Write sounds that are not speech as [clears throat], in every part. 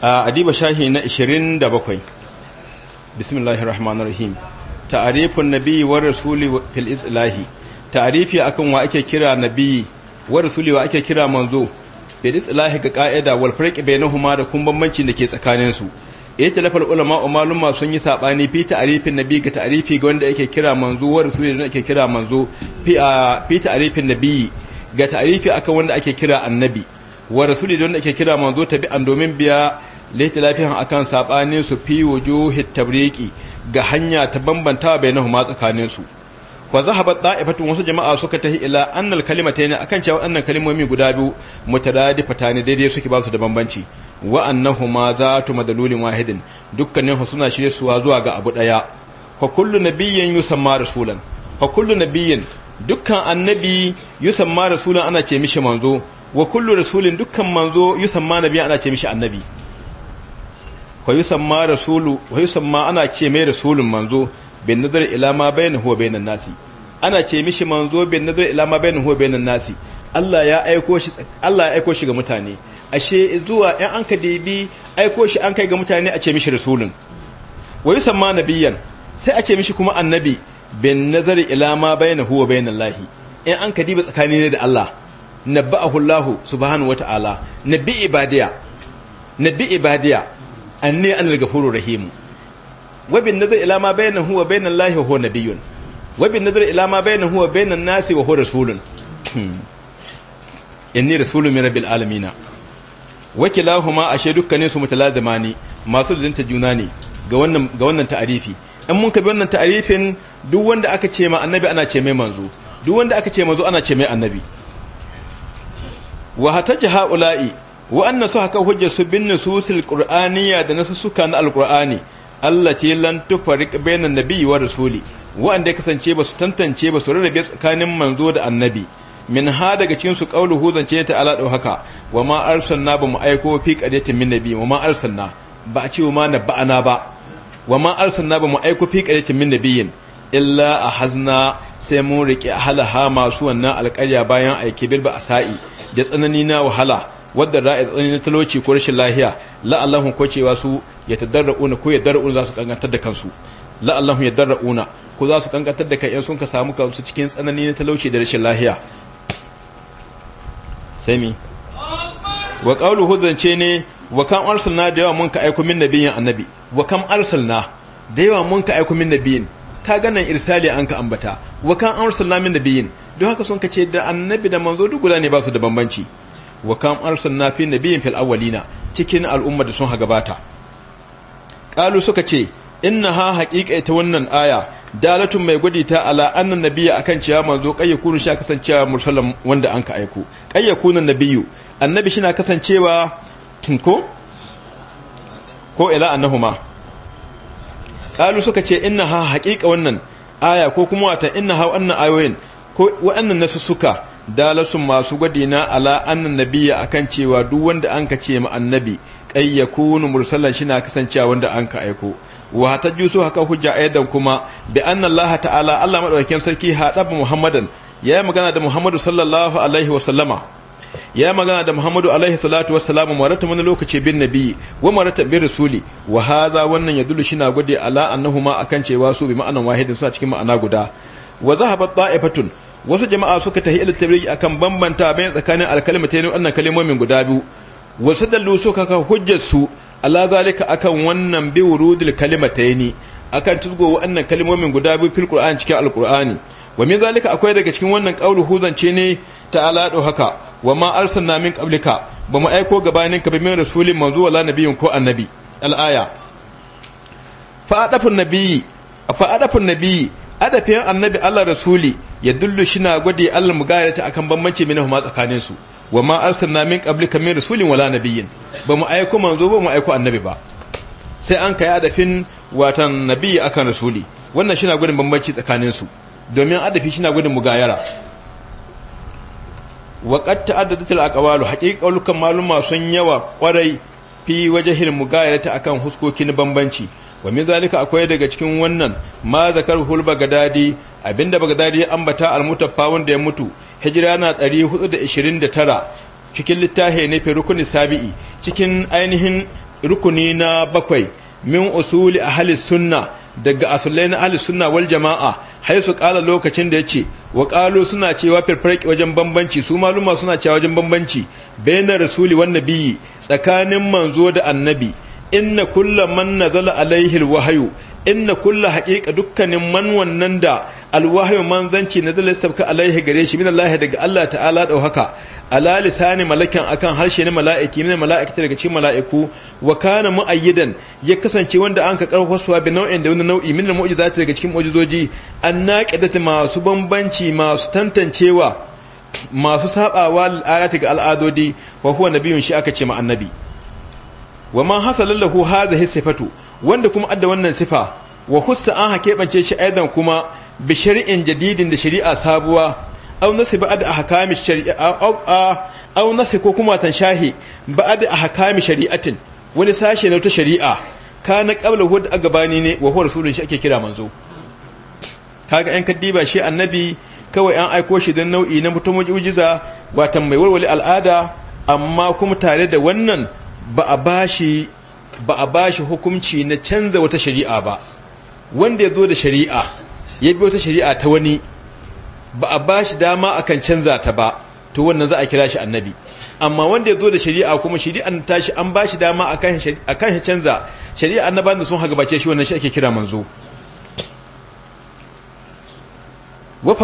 adiba shahi na 27 bismillahir rahmanir rahim ta'arifun nabiyyi wa rasuli fil islahi ta'arifi akan wa ake kira nabiyyi wa rasuli wa ake kira manzo fil islahi ga ka'ida wal farq bainahuma da kun bambancin da ke tsakanin su itilafal ulama maluma sun yi sabani fi ta'arifin nabiyyi ga ta'arifi ga wanda ake kira manzo wa rasuli da ake kira manzo fi fi ta'arifin nabiyyi ga ta'arifi akan wanda ake kira annabi wa rasuli da wanda ake kira manzo tabi'an domin biya laifin akan sabanin su fi wujuhit tabriki ga hanya ta bambanta bainahuma tsakanin su wa zahabat da'ifatun wasu jama'a suka tahi ila annal kalimatayn akan cewa annan kalimomi guda biyu mutadadifatan daidai suke ba su da bambanci wa annahuma zatu madalulin wahidin dukkanin su suna shirye suwa zuwa ga abu daya fa kullu nabiyyin yusamma rasulan fa kullu nabiyyin dukkan annabi yusamma rasulan ana ce mishi manzo wa kullu rasulin dukkan manzo yusamma nabiyan ana ce mishi annabi fa yusamma rasulu wa yusamma ana ce mai rasulun manzo bin nazar ila ma bainahu wa nasi ana ce mishi manzo bin nazar ila ma huwa wa bainan nasi Allah ya aiko shi Allah ya aiko shi ga mutane ashe zuwa ɗan an ka dibi aiko shi an kai ga mutane a ce mishi rasulun wa yusamma nabiyan sai a ce mishi kuma annabi bin nazar ila ma huwa wa bainan lahi in an ka tsakani ne da Allah nabba'ahu Allah subhanahu wata'ala nabi ibadiya nabi ibadiya anni anil gafuru rahim wa bin nazar ila ma bayna wa bayna allahi wa huwa nabiyyun wa bin nazar ila ma huwa bayna an nasi wa huwa rasulun [clears throat] inni rasulun min rabbil alamin wa kilahuma ashe dukkanin su mutalazimani masu dinta juna ne ga wannan ga wannan ta'arifi in mun ka bi wannan ta'arifin duk wanda aka ce ma annabi ana ce mai manzo duk wanda aka ce manzo ana ce mai annabi wa hataji haula'i wa'annan su haka hujja su bin sutul qur'aniyya da nasu suka na alqur'ani Allah ce lan tufarik bayna nabi wa rasuli wa'anda kasance ba su tantance ba su rarrabe tsakanin manzo da annabi min ha daga cikin su qaulu hu ce ta ala haka wa ma arsalna ba mu aiko fi qadatin min nabi wa ma arsalna ba a ce ma na ba'ana ba wa ma arsalna ba mu aiko fi qadatin min nabiyyin illa ahazna sai mun rike halaha masu wannan alƙarya bayan aiki bil ba sa'i da tsanani wahala wadda tsanani na talauci ko rashin lahiya la'allahu ko cewa su ya tadarrauna ko ya darrauna za su kankantar da kansu La'allahu ya darrauna ko za su kankantar da kai in sun ka samu kansu cikin tsanani na talauci da rashin lahiya sai mi wa qawlu ce ne wa kam arsalna da yawa mun ka aiko min nabiyin annabi wa kam arsalna da yawa mun ka aiko min nabiyin ka ganin irsali an ka ambata wa kan arsalna min nabiyin don haka sun ce da annabi da manzo duk guda ne ba su da bambanci wa kam arsalna fi nabiyyin fil awwalina cikin al'umma da sun ha gabata qalu suka ce inna ha haqiqa ita wannan aya dalatun mai gwadi ta ala annan nabiyya akan cewa manzo kai sha kasancewa mursalan wanda an ka aiko kai nabiyyu annabi shi na kasancewa tinko ko ila annahuma qalu suka ce inna ha haqiqa wannan aya ko kuma wata inna ha wannan ayoyin ko wa'annan nasu suka dalasun masu gwadi na ala annan nabiyya akan cewa duk wanda an ka ce ma annabi kai ya mursalan shi na kasancewa wanda an ka aiko wa ta jusu haka hujja aidan kuma bi anna Allah ta'ala Allah madaukakin sarki hadaba Muhammadan ya yi magana da Muhammadu sallallahu alaihi wasallama ya yi magana da Muhammadu alaihi salatu wa marata wani lokaci bin nabi wa marata bin rasuli wa haza wannan ya dulu shina gode ala annahuma akan cewa su bi ma'anan wahidin suna cikin ma'ana guda wa zahabat ta'ifatun wasu jama'a suka tahi ila tabriki akan bambanta bayan tsakanin alkalimatayn wannan kalimomin guda biyu wasu dallu suka ka hujjar su ala zalika akan wannan bi wurudil kalimatayn akan tudgo wannan kalimomin guda biyu fil qur'an cikin alqur'ani wa min zalika akwai daga cikin wannan qaulu huzance ne ta'ala do haka wa ma arsalna min qablika ba mu aiko gabanin ka min rasulin manzo wala nabiyin ko annabi al'aya fa adafun nabiyyi fa adafun nabiyyi adafin annabi Allah rasuli ya dullu shi na gwade Allah ta akan bambanci mai nahuma tsakanin su wa ma arsalna min qablika min rasulin wala nabiyyin ba mu aiko manzo ba mu aiko annabi ba sai an kai adafin watan nabiyyi akan rasuli wannan shi na gwade bambanci tsakanin su domin adafi shi shina mu mugayara wa qad ta'addadat al-aqwalu haqiqatan maluma sun yawa kwarai fi wajhil mugayarata akan huskokin bambanci wa min zalika akwai daga cikin wannan ma zakar hul bagadadi abinda bagadadi ya ambata mutaffawun da ya mutu hijira na 429 cikin littafi ne fi rukuni sabi'i cikin ainihin rukuni na bakwai min usuli ahli sunna daga asulai na ahli sunna wal jama'a haisu su kala lokacin da yace wa qalu suna cewa firfirki wajen bambanci su maluma suna cewa wajen bambanci bainar rasuli wan tsakanin manzo da annabi inna kulla man nazala alaihi alwahyu inna kulla haqiqa dukkanin man wannan da alwahyu manzanci nazala sabka alaihi gare shi min Allah daga Allah ta'ala haka ala lisani malakan akan harshe ne mala'iki ne mala'ikata daga cikin mala'iku wa kana mu'ayyidan ya kasance wanda an ka karfasuwa bi nau'in da wani nau'i min mu'jizati daga cikin mu'jizoji annaqidati masu bambanci masu tantancewa masu sabawa al'adati ga al'adodi wa huwa nabiyyun shi aka ce ma annabi wa man hasala lahu hadhihi sifatu wanda kuma adda wannan sifa wa hussa an hakebance shi aidan kuma bi shari'in jadidin da shari'a sabuwa aw nasiba ad ahkami shari'a aw aw nasi ko kuma tanshahi ba'ad ahkami shari'atin wani sashe na ta shari'a kana qabla hud a gabani ne wa huwa rasulun shi ake kira manzo kaga yan kaddiba shi annabi kawai an aiko shi don nau'i na mutum mu'jiza ba mai walwali al'ada amma kuma tare da wannan ba a bashi ba shi hukunci na canza wata shari'a ba wanda ya zo da shari'a ya bi wata shari'a ta wani ba a bashi dama akan canza ta ba to wannan za a kira shi annabi amma wanda ya zo da shari'a kuma shari'a ta tashi an bashi dama akan kan shi canza shari'a annaban da sun hagabace shi wannan shi ake kira manzo wa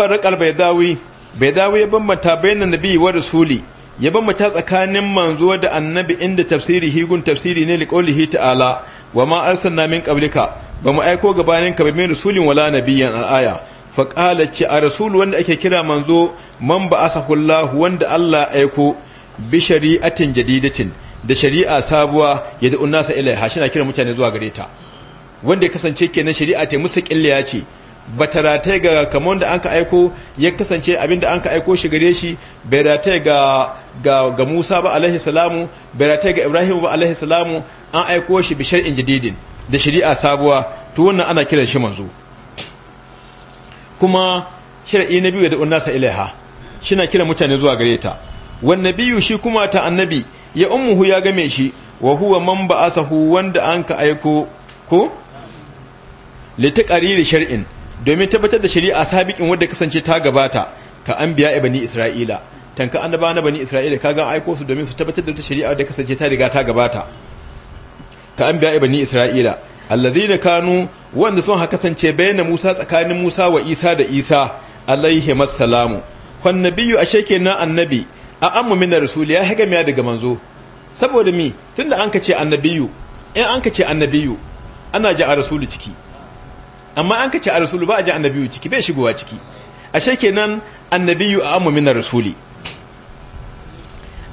dawi bai dawi ya bambanta bainan nabi wa rasuli ya mata tsakanin manzo da annabi inda tafsiri higun tafsiri ne liqaulihi ta'ala wa ma arsalna min qablika ba mu aiko gabanin ka min rasulin wala nabiyyan al'aya fa qala chi a rasul wanda ake kira manzo man ba asahullahu wanda Allah aiko bi shari'atin jadidatin da shari'a sabuwa ya nasa unnasa ilaiha shina kira mutane zuwa gare ta wanda ya kasance kenan shari'a ta mustaqilliya ce bata rataye ga kamar da anka aiko ya kasance abinda anka aiko shi gare shi bai rataye ga ga, Musa ba alaihi salamu baratai ga Ibrahim ba alaihi salamu an aiko shi bi shar'in jadidin da shari'a sabuwa to wannan ana kiran shi manzo kuma shar'i na biyu da sa ilaiha shina kiran mutane zuwa gare ta wan nabiyu shi kuma ta annabi ya ummuhu ya game shi wa huwa man ba'asahu wanda an ka aiko ko litaqariri shar'in domin tabbatar da shari'a sabiqin wanda kasance ta gabata ka anbiya ibani isra'ila tanka annaba na bani isra'ila kaga aiko su domin su tabbatar da ta shari'a da kasance ta riga ta gabata ka an biya bani isra'ila allazina kanu wanda sun haka kasance bayyana musa tsakanin musa wa isa da isa alaihi massalamu biyu nabiyyu ashe kenan annabi a amma min rasuli ya haga miya daga manzo saboda mi tunda an kace annabiyu in an kace annabiyu ana ji a rasulu ciki amma an kace a rasulu ba a ji annabiyu ciki bai shigowa ciki ashe kenan annabiyu a amma min rasuli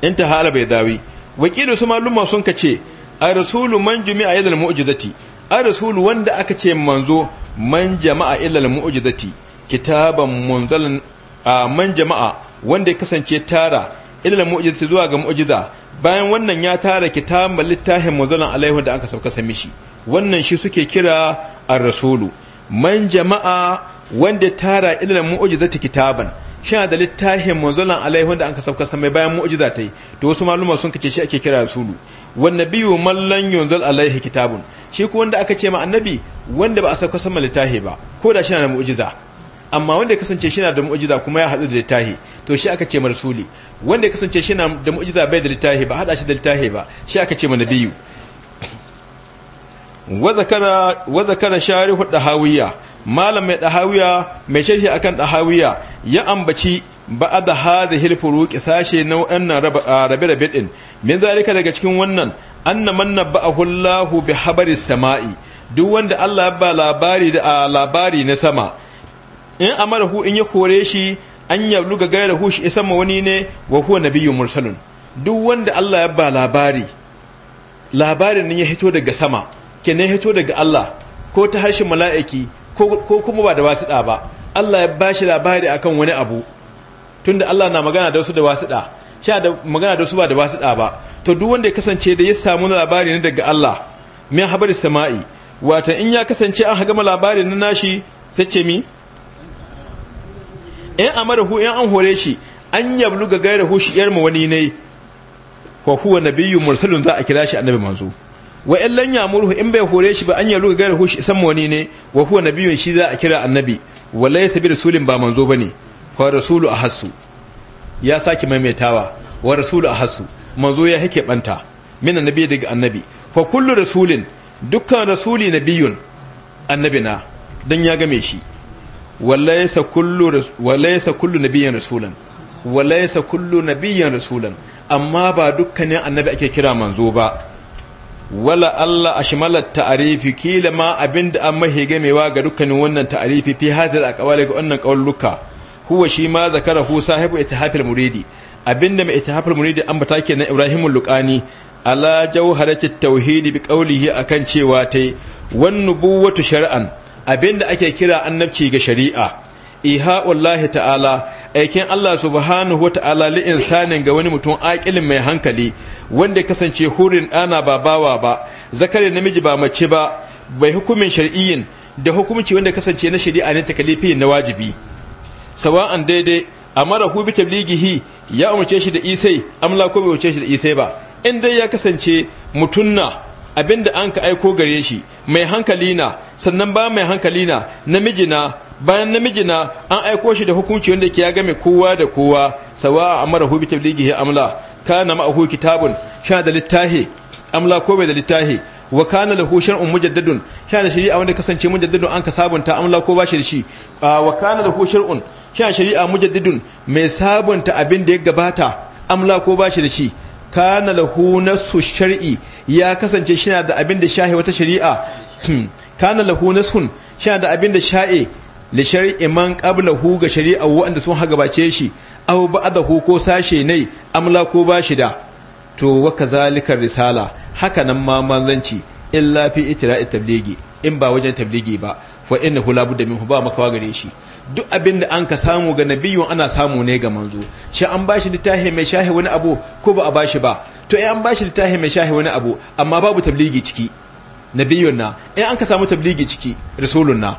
inta hala bai dawi wakilu su maluma sun ka ce a rasulu man jumi a ilal mu'jizati a rasulu wanda aka ce manzo man jama'a ilal mu'jizati kitaban munzalan a man jama'a wanda ya kasance tara ilal mu'jizati zuwa ga mu'jiza bayan wannan ya tara kitaban littafin munzalan alaihi da aka sauka sami shi wannan shi suke kira ar rasulu man jama'a wanda tara ilal mu'jizati kitaban shina da littafin manzalan alaihi wanda an kasabka mai bayan ta yi to wasu maluma sun kace shi ake kira rasulu wan nabiyyu biyu lan yanzu alaihi kitabun shi ko wanda aka ce ma annabi wanda ba a sabka sama littafi ba ko da shina da mu'ujiza. amma wanda ya kasance shi na da mu'ujiza kuma ya haɗu da littafi to shi aka ce ma rasuli wanda ya kasance shi na da mu'ujiza bai da littafi ba haɗa shi da littafi ba shi aka ce ma nabiyyu biyu. zakara wa zakara sharihu dahawiya malam mai hawiya mai sharhi akan hawiya. ya ambaci da haza hilfuru furuq sashe waɗannan rabe-rabe ɗin, min zalika daga cikin wannan manna ba a Allahu bi habari sama'i duk wanda Allah ba labari da labari na sama in marahu in ya kore shi an yabluga gairahu shi isan ma wani ne wa huwa biyu mursalun duk wanda Allah ya ba labari labarin nan ya hito daga sama kenan hito daga Allah ko ta harshen mala'iki ko kuma ba da wasu ba Allah ya bashi labari akan wani abu tunda Allah na magana da wasu da wasuɗa sha da magana da wasu ba da wasuɗa ba to duk wanda ya kasance da ya samu labari ne daga Allah min habari sama'i wata in ya kasance an hagama labari na nashi sai ce mi in hu in an hore shi an yablu ga gaira hu yar mu wani ne wa huwa nabiyyu mursalun za a kira shi annabi manzo wa illan ya murhu in bai hore shi ba an yablu ga gaira hu shi san wani ne wa huwa nabiyyu shi za a kira annabi walaysa bi rasulin ba manzo bane fa rasulu ahassu ya saki maimaitawa wa rasulu ahassu manzo ya hake banta min annabi daga annabi fa kullu rasulin dukkan rasuli nabiyun annabina dan ya game shi walaysa kullu walaysa kullu nabiyyan rasulan walaysa kullu nabiyyan rasulan amma ba dukkanin annabi ake kira manzo ba wala Allah ashmalat ta'arifi kila ma abinda an mahi gamewa ga dukkanin wannan ta'rifi fi hadal aqwali ga wannan qauluka huwa shi ma hu sahibu ittihafil muridi abinda mai ittihafil muridi an bata na Ibrahimul lukani ala jawharati tauhidi bi qawlihi akan cewa tai wan nubuwatu shar'an abinda ake kira annabci ga shari'a iha wallahi ta'ala aikin Allah subhanahu wa ta'ala li insanin ga wani mutum aƙilin mai hankali wanda kasance hurin ɗana ba bawa ba zakari namiji ba mace ba bai hukumin shar'iyyin da hukumci wanda kasance na shari'a ne takalifi na wajibi sawa'an daidai mara hu bi tablighihi ya umarce shi da isai amla ko bai shi da isai ba in dai ya kasance mutunna abinda an ka aiko gare shi mai hankali na sannan ba mai hankali na namiji na bayan namiji na an aiko shi da hukunci wanda ke ya game kowa da kowa sawa amara hu bi tablighihi amla kana ma'ahu kitabun sha da littahi amla ko bai da littahi wa kana lahu shar'un mujaddadun sha da shari'a wanda kasance mujaddadun an ka sabunta amla ko ba shi da shi wa kana lahu shar'un sha shari'a mujaddadun mai sabunta abin da ya gabata amla ko ba shi da shi kana lahu nasu shar'i ya kasance shi da abin da shahi wata shari'a hmm. kana lahu nasun shi da abin da sha'i li shari'i man hu ga shari'a wanda sun haga bace shi aw hu ko sashe ne amla ko ba shi da to wa kazalika risala haka nan ma manzanci illa fi itra'i tabligi in ba wajen tabligi ba fa innahu la budda minhu ba makawa gare shi duk abin da an ka samu ga nabiyyu ana samu ne ga manzo shi an bashi littafi mai shahi wani abu ko ba a bashi ba to eh an bashi littafi mai shahi wani abu amma babu tabligi ciki nabiyyu na eh an ka samu tabligi ciki rasulun na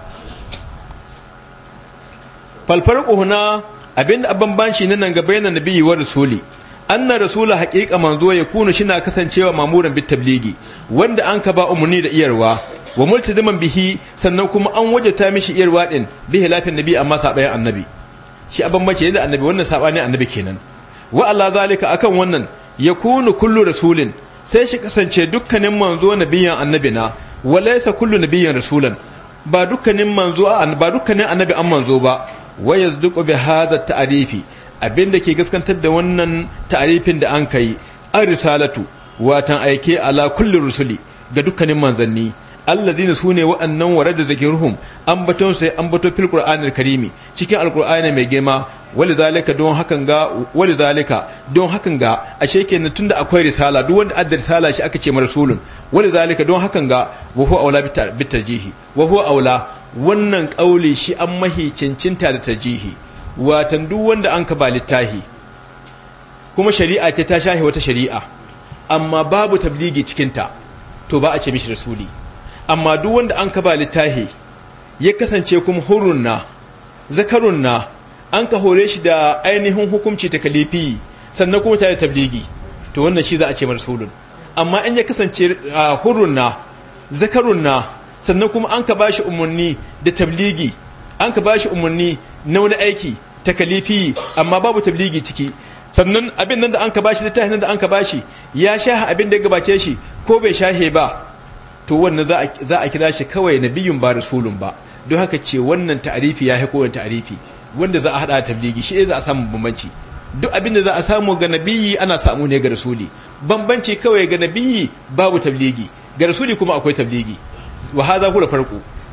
falfar kuhuna abinda abban na nan gaba yana nabiyyi wa rasuli anna rasula hakika manzo ya kuna na kasancewa mamuran bit tabligi wanda an ka ba umarni da iyarwa wa multiziman bihi sannan kuma an wajata mishi iyarwa din bihi lafin nabi amma sabayan annabi shi abban yadda annabi wannan sabani annabi kenan wa Allah zalika akan wannan ya kunu kullu rasulin sai shi kasance dukkanin manzo nabiyan annabina walaysa kullu nabiyan rasulan ba dukkanin manzo ba dukkanin annabi an manzo ba wa yasduqu bi hadha ta'rifi abinda ke gaskantar da wannan ta'rifin da an kai ar risalatu watan aike ala kulli rusuli ga dukkanin manzanni alladina sune ne wa'annan warar da ruhu an baton sai an bato fil qur'anil karimi cikin alqur'ani mai girma wali zalika don hakan ga wali zalika don hakan ga ashe kenan tunda akwai risala duk wanda addar risala shi aka ce mar rasulun wali zalika don hakan ga wa huwa aula bit tarjihi wa huwa aula wannan kauli shi an mahi cincinta da tarjihi watan duk wanda an ka ba littahi kuma shari'a ce ta shahi wata shari'a amma babu tabligi cikinta to ba a ce mishi rasuli amma duk wanda an ka ba littahi ya kasance kuma hurun na an ka hore shi da ainihin hukunci ta kalifi sannan kuma tare tabligi to wannan shi za a ce marsulun amma in ya kasance hurun na zakarun na sannan kuma an ka bashi umarni da tabligi an ka bashi umarni na wani aiki ta kalifi amma babu tabligi ciki sannan abin nan da an ka shi littafin nan da an ka bashi ya sha abin da ya gabace shi ko bai shahe ba to wannan za a kira shi kawai na nabiyun ba rasulun ba don haka ce wannan ta'arifi ya haiko ta'arifi wanda za a hada tabligi shi za a samu bambanci duk abinda za a samu ga nabiyi ana samu ne ga rasuli bambanci kawai ga nabiyi babu tabligi ga rasuli kuma akwai tabligi wa hadha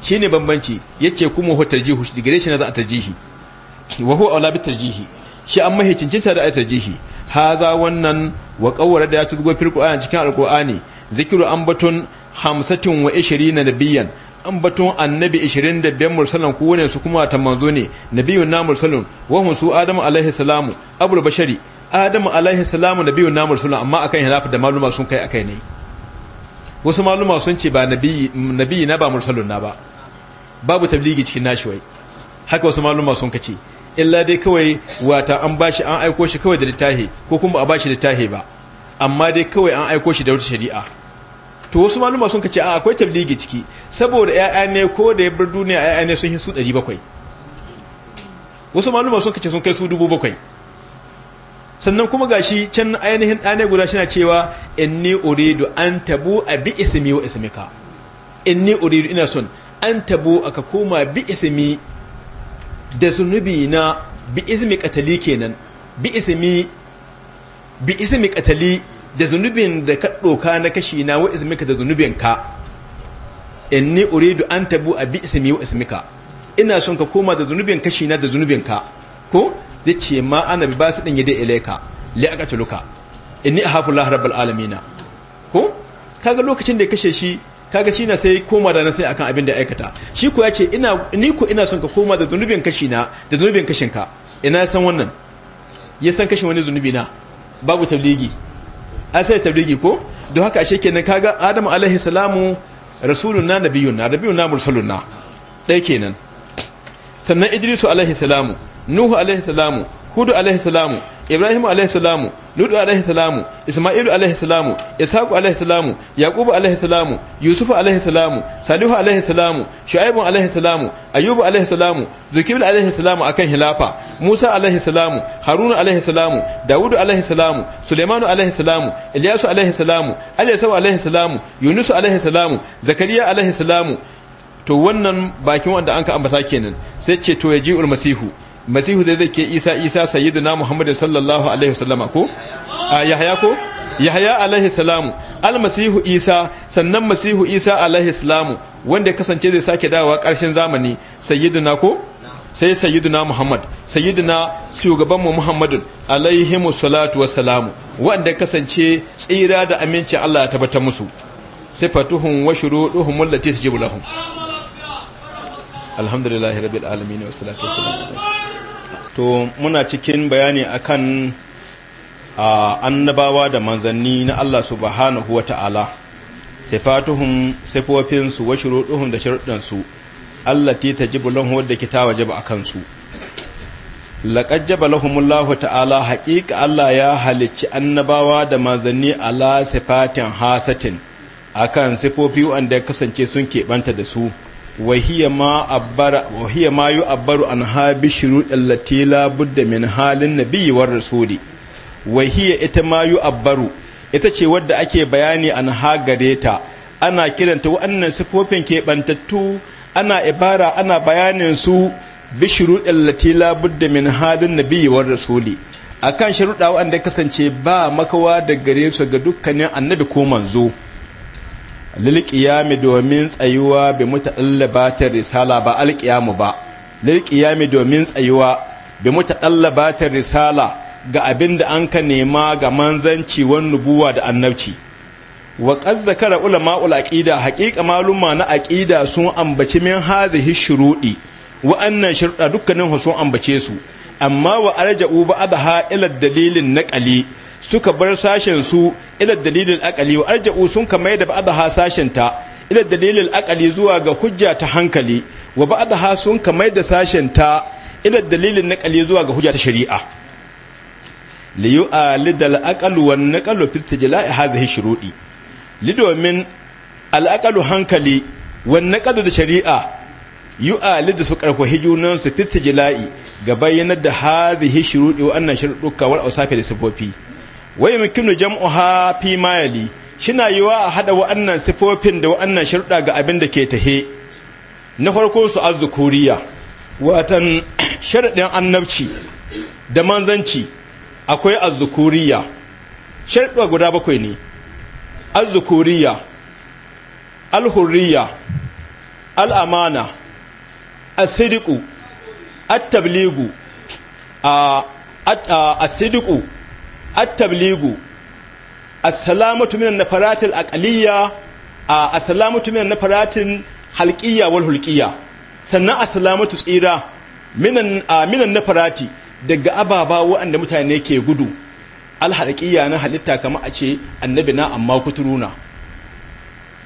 shine bambanci yace kuma hu tarjihu shi gare shi na za a tarjihi wa huwa aula bi tarjihi shi an mahi cincinta da a tarjihi haza wannan wa qawwara da ya tugo fil qur'ani cikin alqur'ani zikiru ambatun hamsatin wa ishirina nabiyan an batun annabi ishirin da biyan mursalin kowane su kuma ta manzo ne nabiyun na mursalin wahun su adamu alaihi salamu abul bashari adamu alaihi salamu nabiyun na mursalin amma akan hilafa da maluma sun kai akai ne wasu maluma sun ce ba nabiyi na ba mursalin na ba babu tabligi cikin nashi wai haka wasu maluma sun kace illa dai kawai wata an bashi an aiko shi kawai da littahi ko kuma a bashi littahi ba amma dai kawai an aiko shi da wata shari'a to wasu maluma sun kace a akwai tabligi ciki saboda ƴaƴa ne ko da ya bar duniya ƴaƴa ne sun yi su 700 wasu maluma sun kace sun kai su 700 sannan kuma gashi can ainihin ɗane guda shi na cewa inni uridu an tabu a bi ismi wa ismika inni uridu ina son an tabu ka koma bi ismi da zunubi na bi ismi katali kenan bi ismi bi ismi katali da zunubin da ka ɗoka na kashi na wa ismika da zunubin ka inni uridu an tabu a bi ismi wa ismika ina son ka koma da zunubin kashi na da zunubin ka ko zai ce ma ana bi su ɗin yadda ilaika li ni inni hafi lahar rabbul alamina ko kaga lokacin da ya kashe shi kaga shi na sai koma da na sai akan abin da aikata shi ko ya ce ni ko ina son ka koma da zunubin kashi na da zunubin kashinka ina san wannan ya san kashin wani zunubi na babu tabligi ai sai tabligi ko don haka ashe kenan kaga adamu alaihi salamu rasulunna nabiyuna nabiyuna mursalunna dai kenan sannan idrisu alaihi salamu nuhu alaihi salamu hudu alaihi salamu ibrahim alaihi salamu ludu alaihi salamu isma'ilu alaihi salamu ishaqu alaihi salamu yaqubu alaihi salamu yusuf alaihi salamu salihu alaihi salamu shu'aibu alaihi salamu ayyubu alaihi salamu zukibil alaihi salamu akan hilafa musa alaihi salamu haruna alaihi salamu dawudu alaihi salamu sulaimanu alaihi salamu ilyasu alaihi salamu aliyasu alaihi salamu yunusu alaihi salamu zakariya alaihi salamu to wannan bakin wanda an ka ambata kenan sai ce to yaji'ul masihu masihu da zai ke isa isa sayyiduna muhammadu sallallahu alaihi wasallama ko a yahaya ko yahaya alaihi salamu almasihu isa sannan masihu isa alaihi salamu wanda kasance zai sake dawowa karshen zamani sayyiduna ko sai sayyiduna muhammad sayyiduna shugabanmu muhammadun alaihimu salatu wassalamu wanda kasance tsira da aminci Allah ya tabbatar musu sifatuhum wa shuruduhum allati tajibu lahum alhamdulillahi rabbil alamin wassalatu wassalamu to muna cikin bayani akan annabawa da manzanni na Allah subhanahu wa ta'ala sifatuhun sifofinsu wa shuruɗuhum da sharuɗansu ta tajibu lahum wadda ke ta ba a kansu. laƙar jaba lahumullahu ta'ala haƙiƙa Allah ya halicci annabawa da manzanni ala sifatin hasatin akan sifofi wanda ya kasance sun keɓanta da su وهي ما أبر وهي ما يعبر عنها بالشروط التي لا بد من حال النبي والرسول وهي ita ma yu'abbaru ita ce wadda ake bayani an hagare ta ana kiranta wa'annan sifofin keɓantattu ana ibara ana bayanin su bi shuruɗin lati la budda min halin nabiyyi war rasuli akan sharuɗa wanda kasance ba makawa da gare su ga dukkanin annabi ko manzo lilqiyami domin tsayuwa bi batar risala ba alƙiyamu ba lilqiyami domin tsayuwa bi batar risala ga abin da an ka nema ga manzanci wan nubuwa da annabci wa qad zakara ulama ul aqida haqiqa maluma na aqida sun ambaci min hazihi shurudi wa'annan shirɗa dukkanin sun ambace su amma wa arja'u adha ila dalilin naqali suka bar sashen su ila dalilin akali wa arja'u sun kama da ha sashen ta ila dalilin akali zuwa ga hujja ta hankali wa ha sun kama da sashen ta ila dalilin naqali zuwa ga hujja ta shari'a li yu'alid al-aqal wa an-naqal fi istijla'i hadhihi shurudi lidomin al-aqal hankali wa an-naqal da shari'a yu'alid su karfahi hijunan su fi istijla'i ga bayyana da hadhihi shurudi wa annan shuruduka wal awsafi da sifofi wai mukinu jam'uha fi mayali shina yiwa a hada wa'annan sifofin da wa'annan sharuɗa ga abin da ke tahe na farko su azzukuriya watan [clears throat] sharaɗin annabci da manzanci akwai azzukuriya sharuɗa guda bakwai ne azzukuriya alhurriya al'amana asidiku at-tabligu a asidiku التبليغ السلامة من النفرات minan السلامة من النفرات salamatu minan سنة السلامة wal من sannan النفرات tsira minan minan nafarati daga ababa waɗanda mutane ke gudu alhalqiyya na halitta kamar a ce annabi amma kuturuna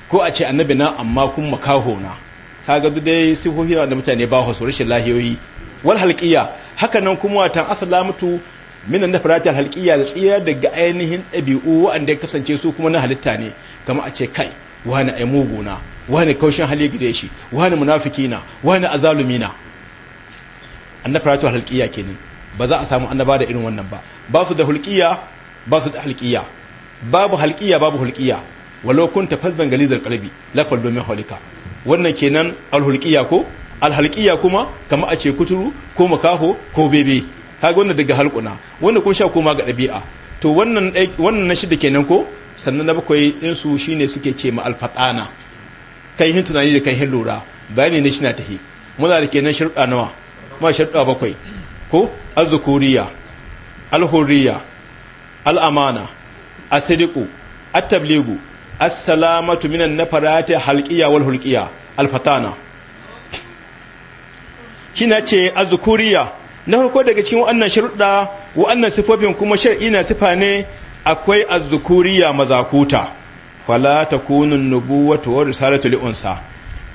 ko a ce annabi amma kun makaho na kaga duk dai sifofi da mutane ba su rashin lahiyoyi wal halqiya haka nan kuma watan asalamatu. minan na farati halƙiya da tsiya daga ainihin ɗabi'u wanda ya kasance su kuma na halitta ne kama a ce kai wani ai muguna wani kaushin hali gare shi wani munafiki na wani azalumi na annabaratu halqiya kenan ba za a samu annaba da irin wannan ba ba su da hulqiya ba su da halƙiya babu halƙiya babu hulqiya walau kun fazzan zangali qalbi la fallu halika wannan kenan alhulƙiya ko alhalƙiya kuma kama a ce kuturu ko makaho ko bebe kaga wannan daga halkuna wannan kuma sha koma ga dabi'a to wannan wannan shi da kenan ko sannan na bakwai in su shine suke ce ma alfatana kai hin tunani da kai hin lura bayani ne shina tahi muna da kenan sharuɗa nawa ma sharuɗa bakwai ko azzukuriya alhurriya al'amana asidiku attabligu assalamatu minan nafarati halqiya wal hulqiya alfatana kina ce azzukuriya na farko daga cikin wannan sharuɗa wannan sifofin kuma shar'i na sifa ne akwai azzukuriya mazakuta wala takunu nubuwatu wa risalatu li unsa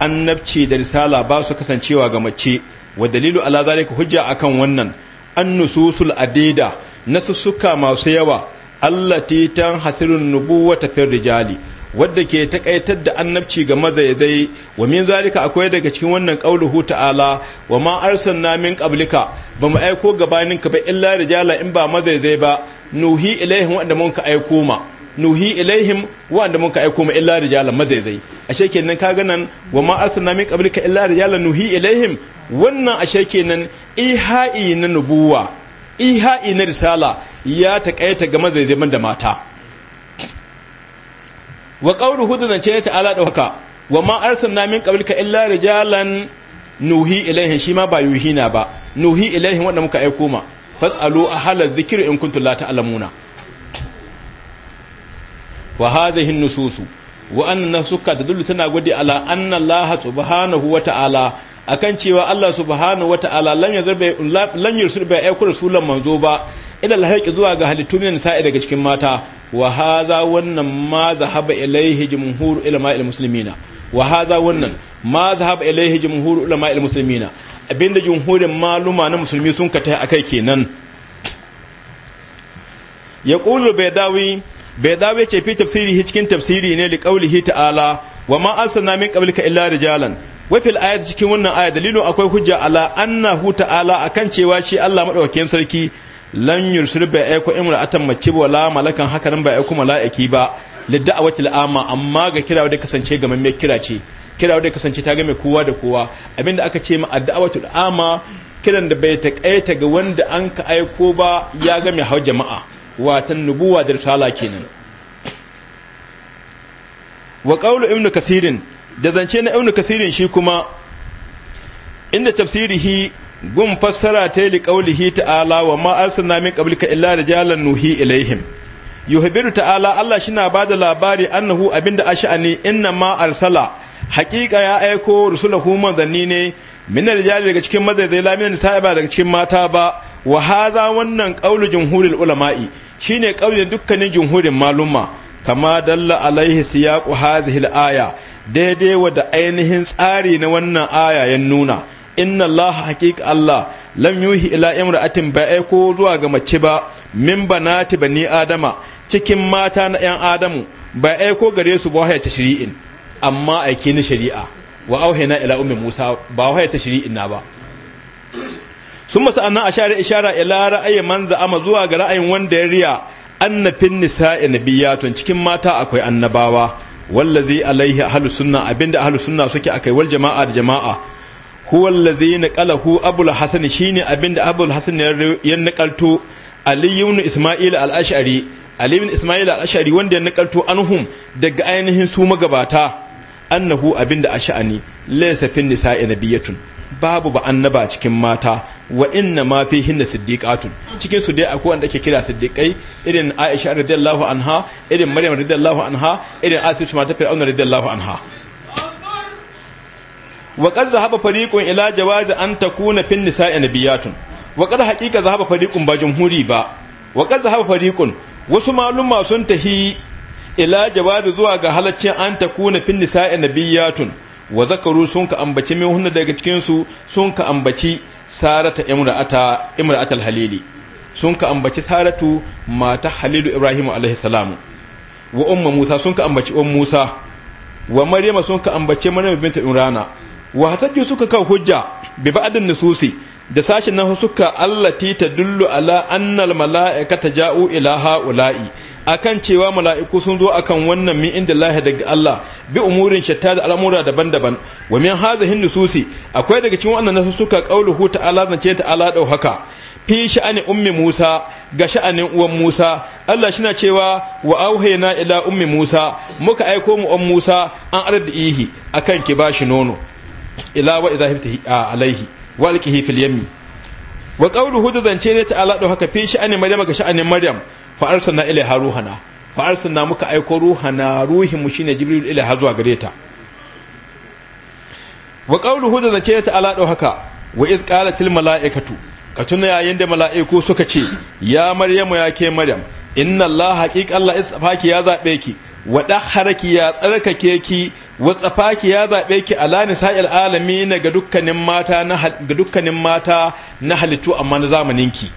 annabci da risala ba su kasancewa ga mace wa dalilu ala zalika hujja akan wannan annususul adida suka masu yawa allati tan hasirun nubuwata fir rijali wadda ke takaitar da annabci ga mazaizai wa min zalika akwai daga cikin wannan qauluhu ta'ala wa ma arsalna min qablika ba mu aiko gabanin ka ba illa rijala in ba mazaizai ba nuhi ilaihim wanda mun ka aiko ma nuhi ilaihim wanda mun ka aiko ma illa rijala mazaizai ashe kenan kaga nan wa ma arsalna min qablika illa rijala nuhi ilaihim wannan ashe kenan iha'i na nubuwa iha'i na risala ya takaita ga mazaizai da mata wa qawlu hudu zan ce ta da haka wa ma arsalna min qablika illa rijalan nuhi ilaihin shi ma ba na ba nuhi ilaihin wanda muka aiko ma fasalu halar dhikri in kuntum la ta'lamuna wa hadhihi an-nusus wa anna nasuka tadullu tana gudi ala anna Allah subhanahu wa ta'ala akan cewa Allah subhanahu wa ta'ala lan yazurba lan yursul bi aiko rasulan manzo ba ila alhaqi zuwa ga halittu min sa'i daga cikin mata wa haza wannan ma zahaba ilaihi jumhur ulama almuslimina wa haza wannan ma zahaba ilaihi jumhur ulama almuslimina abinda jumhurin maluma na musulmi sun kata akai kenan ya qulu baydawi baydawi ce fi tafsirihi cikin tafsiri ne li qawlihi ta'ala wa ma arsalna min qablika illa rijalan wafil ayat cikin wannan aya dalilin akwai hujja ala annahu ta'ala akan cewa shi Allah madaukakin sarki lan yursir ba ai ko imra'atan mace wala malakan hakanan ba ai ko mala'iki ba lidda'awatil amma amma ga kirawa da kasance ga mai kira ce kirawa da kasance ta ga mai kowa da kowa abinda aka ce ma adda'awatul amma kiran da bai taƙaita ga wanda an ka aiko ba ya ga mai hau jama'a watan nubuwa da risala kenan wa qawlu ibn kasirin da zance na ibn kasirin shi kuma inda tafsirihi gun fassara ta yi liƙaulihi ta'ala wa ma'arsa arsalna min qablika illa rijalan nuhi ilaihim yuhbiru ta'ala Allah shina bada labari annahu abinda asha'ani inna ma arsala haqiqa ya aiko rusulahu zanni ne min rijali daga cikin mazaizai lamin sa'iba daga cikin mata ba wa hadha wannan qaulu jumhurul ulama'i shine qaulin dukkanin jumhurin maluma. kama dalla alaihi siyaqu hadhihi al-aya daidai wa da ainihin tsari na wannan aya ya nuna inna Allah hakika Allah lam yuhi ila imra'atin ba ko zuwa ga mace ba min banati bani adama cikin mata na yan adamu ba ko gare su ba ta shari'in amma aike ni shari'a wa auhina ila ummi Musa ba ta shari'in na ba sun masu annan a share ishara ila ra'ayi man za'ama zuwa ga ra'ayin wanda ya riya annafin nisa'i nabiyatun cikin mata akwai annabawa wallazi alaihi ahlus sunna abinda ahlus sunna suke akai wal jama'a da jama'a huwa allazi naqalahu abul hasan shine abinda abul hasan ya naqalto ali ibn isma'il al-ash'ari ali ibn isma'il al-ash'ari wanda ya naqalto anhum daga ainihin su magabata annahu abinda ash'ani laysa fin nisa'i nabiyatun babu ba annaba cikin mata wa inna ma fi hinna siddiqatun cikin su dai akwai wanda ake kira siddiqai irin aisha radiyallahu anha irin maryam radiyallahu anha irin asisha mata fir'auna radiyallahu anha wa qad zahaba fariqun ila jawazi an takuna fin nisa'i nabiyatun wa qad haqiqa zahaba fariqun ba jumhuri ba wa qad zahaba wasu maluma sun tahi ila jawazi zuwa ga halaccin an takuna fin nisa'i nabiyatun wa zakaru sun ka min daga cikin su sun ka ambaci sarata imra'ata imra'atal halili sun ka ambaci saratu mata halilu ibrahim alaihi salamu wa umma musa sun ka ambaci um musa wa maryama sun ka ambace maryama in imrana wa hatajju suka kan hujja bi ba'din nususi da sashin nan suka allati dullu ala annal mala'ikata ja'u ila ha'ula'i akan cewa mala'iku sun zo akan wannan min inda lahi daga Allah bi umurin shatta da al'amura daban-daban wa min hadhihi nususi akwai daga cikin wannan nasu suka qauluhu ta'ala zance ta'ala dau haka fi sha'ani ummi Musa ga sha'anin uwan Musa Allah shina cewa wa auhayna ila ummi Musa muka aiko mu um Musa an ardihi akan ki bashi nono ila wa iza hifti alaihi wa alqihi fil yami wa qawlu da zance ne ta'ala do haka fi sha'anin maryam ga sha'anin maryam fa arsalna ila ruhana fa arsalna muka aiko ruhana ruhin mu shine jibril ila zuwa gare ta wa qawlu da zance ne ta'ala do haka wa iz qalatil mala'ikatu ka tuna yayin da mala'iku suka ce ya maryamu ya ke maryam inna allah haqiqa allah isfaki ya zabe ki waɗa haraki ya tsarkake ki wa tsafaki ya zaɓe ki ala nisa'il alami na ga dukkanin mata na halittu amma na zamanin ki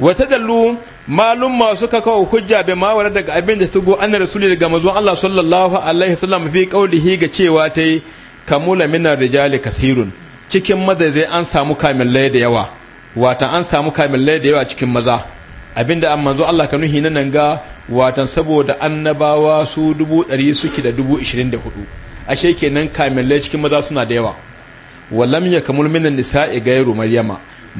wata dallu malum ma suka kawo hujja bai mawara daga abin da su go anna rasuli daga mazu Allah sallallahu alaihi wasallam fi qaulihi ga cewa tai kamula minar rijali kasirun cikin mazaizai an samu kamillai da yawa wata an samu kamillai da yawa cikin maza abinda an manzo Allah ka nuhi nan ga watan saboda annabawa su dubu ɗari suke da dubu ishirin da hudu a ashe kenan kamilai cikin maza suna da yawa walam ya kamul minan e gairu maryama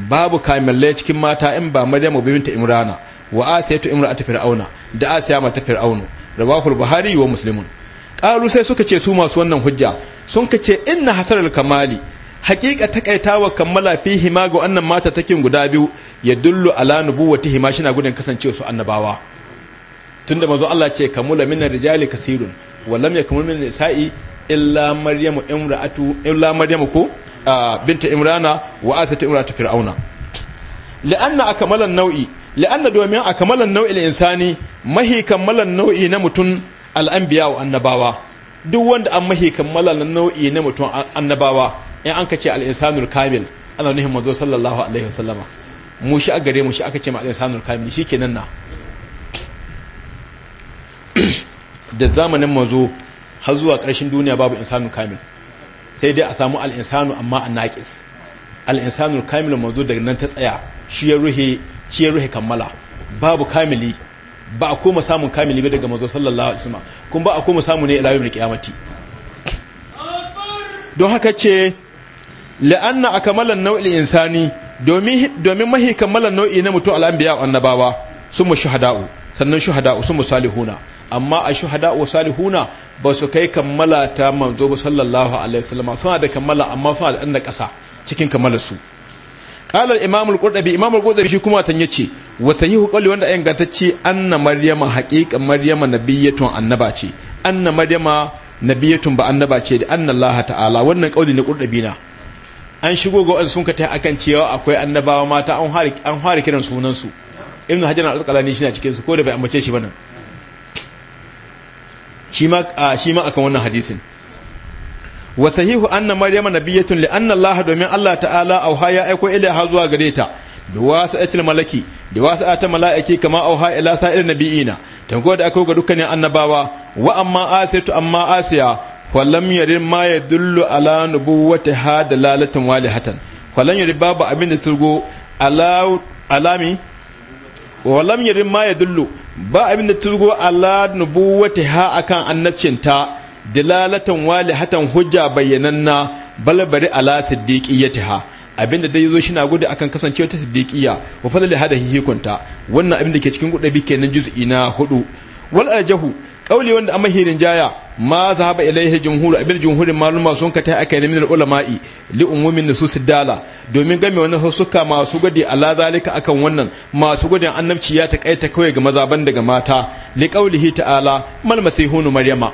babu kamilai cikin mata in ba maryama binta imrana wa imra ta fir'auna da asiya ta fir'aunu rawahul buhari wa muslimun qalu sai suka ce su masu wannan hujja sun kace inna hasaral kamali hakika takaitawa kammala fi hima ga wannan mata takin guda biyu ya dullu ala nubuwatihi hima shi na gudun kasancewa su annabawa tunda mazo Allah ce kamula min rijali kasirun wa lam yakmul min nisa'i illa maryamu imra'atu illa maryamu ko binta imrana wa atata imra'atu fir'auna la'anna akmala nau'i na domin akmala nau'i al-insani mahi kammala nau'i na mutun al-anbiya wa annabawa duk wanda an mahi kammala nau'i na mutun annabawa in an ka ce al'insanul kamil ana nuhin mazo sallallahu alaihi wasallama mu shi a gare mu shi aka ce ma al'insanul kamil shi ke nan na da zamanin mazo har zuwa ƙarshen duniya babu insanul kamil sai dai a samu al'insanu amma a naƙis al'insanul kamil mazo daga nan ta tsaya shi ya ruhe kammala babu kamili ba a koma samun kamili ba daga mazo sallallahu alaihi wasallama kuma ba a koma samu ne ila yawmil qiyamati don haka ce la'anna akamalan nau'il insani domin domin mahi kamalan nau'i na mutum al'ambiya annabawa sun mu shuhada'u sannan shahada'u sun mu salihuna amma a shuhada wa salihuna ba su kai kammala ta manzo ba sallallahu alaihi wasallam suna da kammala amma suna da ɗan ƙasa cikin kammalar su qala al-imam al-qurtubi imam al-qurtubi shi kuma tan yace wa sahihu qawli wanda ayin gatacce anna maryama haqiqan maryama nabiyyatun annaba ce anna maryama nabiyyatun ba annaba ce da anna allah ta'ala wannan qawli ne qurtubi na an shigo ga wanda sun ka ta akan cewa akwai annabawa mata an fara kiran sunansu ibnu hajar na ne shi na cikin su ko da bai ambace shi ba nan shi ma akan wannan hadisin wa sahihu anna maryama nabiyatun li anna allah domin allah ta'ala auha ya aiko ha zuwa gare ta bi wasatil malaki bi wasata malaiki kama auha ila sa'ir nabiyina tango da akwai ga dukkanin annabawa wa amma asiyatu amma asiya walam yarin ma ya dullu ala nubuwati hada lalatin hatan walam yarin babu abin da turgo alami walam yarin ma ya dullu ba abin da turgo ala nubu wata ha akan annabcinta dilalatan hatan hujja bayyananna balbari ala ya ta abin da dai yazo shi na gudu akan kasancewa ta siddiqiyya wa fadli hada hikunta wannan abin da ke cikin bi kenan juz'i na hudu wal aljahu kauli wanda amma hirin jaya ma ba ilaihi jumhur abin jumhurin maluma sun ka ta aka yi min ulama'i li umumin su dala domin game wani suka masu gudi ala zalika akan wannan masu gudin annabci ya ta kai ta kawai ga mazaban daga mata li qaulihi ta'ala mal masihunu maryama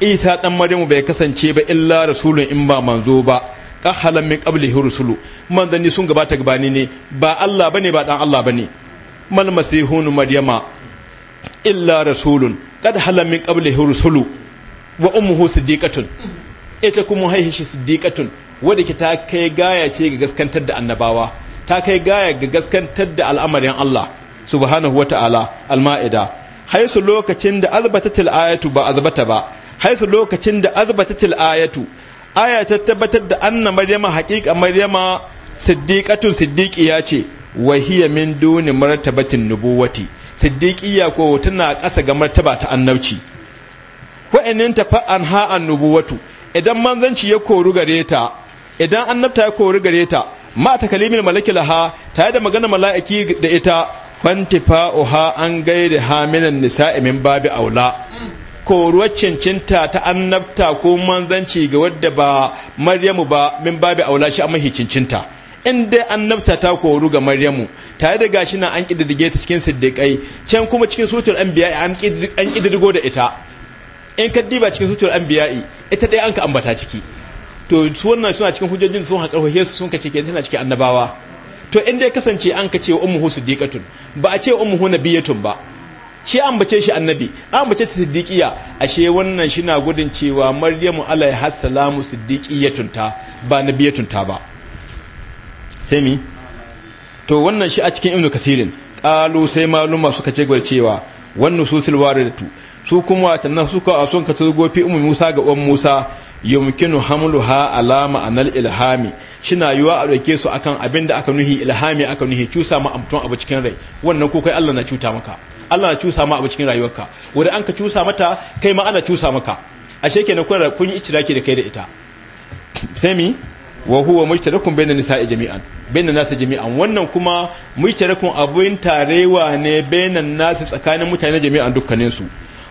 isa dan maryamu bai kasance ba illa rasulun in ba manzo ba qahalan min qablihi rusulu manzanni sun gabata gabani ne ba Allah bane ba dan Allah bane mal masihunu maryama illa rasulun qad halan min qablihi rusulu wa ummuhu siddiqatun ita kuma haihishi siddiqatun wadda ke ta kai gaya ce ga gaskantar da annabawa ta kai gaya ga gaskantar da al'amarin Allah subhanahu wa ta'ala al-ma'ida haisu lokacin da azbatatil ayatu ba azbata ba haisu lokacin da azbatatil ayatu aya ta tabbatar da anna maryama haqiqa maryama siddiqatun siddiqiya ce wa hiya min duni martabatin nubuwati siddiqiya ko tana ƙasa ga martaba ta annabci wa'annin tafa an ha annubuwatu idan manzanci ya koru gare ta idan annabta ya koru gare ta ma ta kalimin malaki laha ta da magana mala'iki da ita fantifa uha an gaida haminan nisa'i min babi aula koruwar cincinta ta annabta ko manzanci ga wadda ba maryamu ba min babi aula shi a mahi cincinta in dai annabta ta koru ga maryamu tare da gashi na an kididdige ta cikin siddiƙai can kuma cikin sutul anbiya an kididdigo da ita in ka diba cikin sutur anbiya'i ita dai an ka ambata ciki to su wannan suna cikin hujjojin sun haƙar su sun kace ke tana cikin annabawa to inda ya kasance an ka ce wa ummuhu siddiqatun ba a ce wa ummuhu nabiyatun ba shi an bace shi annabi an bace su siddiqiya ashe wannan shi na gudun cewa maryamu alaihi assalamu siddiqiyatun ta ba nabiyatun ta ba sai mi to wannan shi a cikin ibnu kasirin qalu sai maluma suka ce gwal cewa wannan susul waridatu su kuma nan suka a son ka turgo fi umu musa ga uwan musa yumkinu hamluha ala ma'anar ilhami shina yiwa a roke su akan abin da aka nuhi ilhami aka nuhi cusa ma amtun abu cikin rai wannan ko kai Allah na cuta maka Allah na cusa ma abu cikin rayuwarka wanda an ka cusa mata kai ma ana cusa maka ashe kenan kun kun yi da kai da ita sai mi wa huwa mujtarakun bainan nisa'i jami'an bainan nasi jami'an wannan kuma mujtarakun abun tarewa ne bainan nasu tsakanin mutane jami'an dukkanin su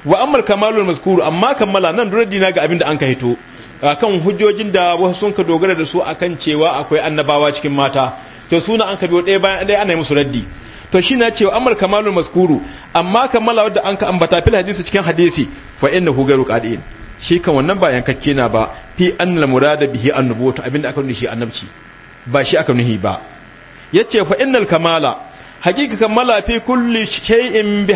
wa ammal kamalul mazkuru amma kammala nan duradi na ga abin da an ka hito akan hujjojin da wasu sun ka dogara da su akan cewa akwai annabawa cikin mata to suna an ka biyo ɗaya bayan ɗaya ana yi musu raddi to shi na cewa ammal kamalul mazkuru amma kammala wadda an ka ambata fil hadisi cikin hadisi fa hu gairu qadi'in shi kan wannan ba yankakke na ba fi annal murada bihi annubuwatu abinda aka shi annabci ba shi aka nuhi ba yace fa innal kamala haqiqa kamala fi kulli shay'in bi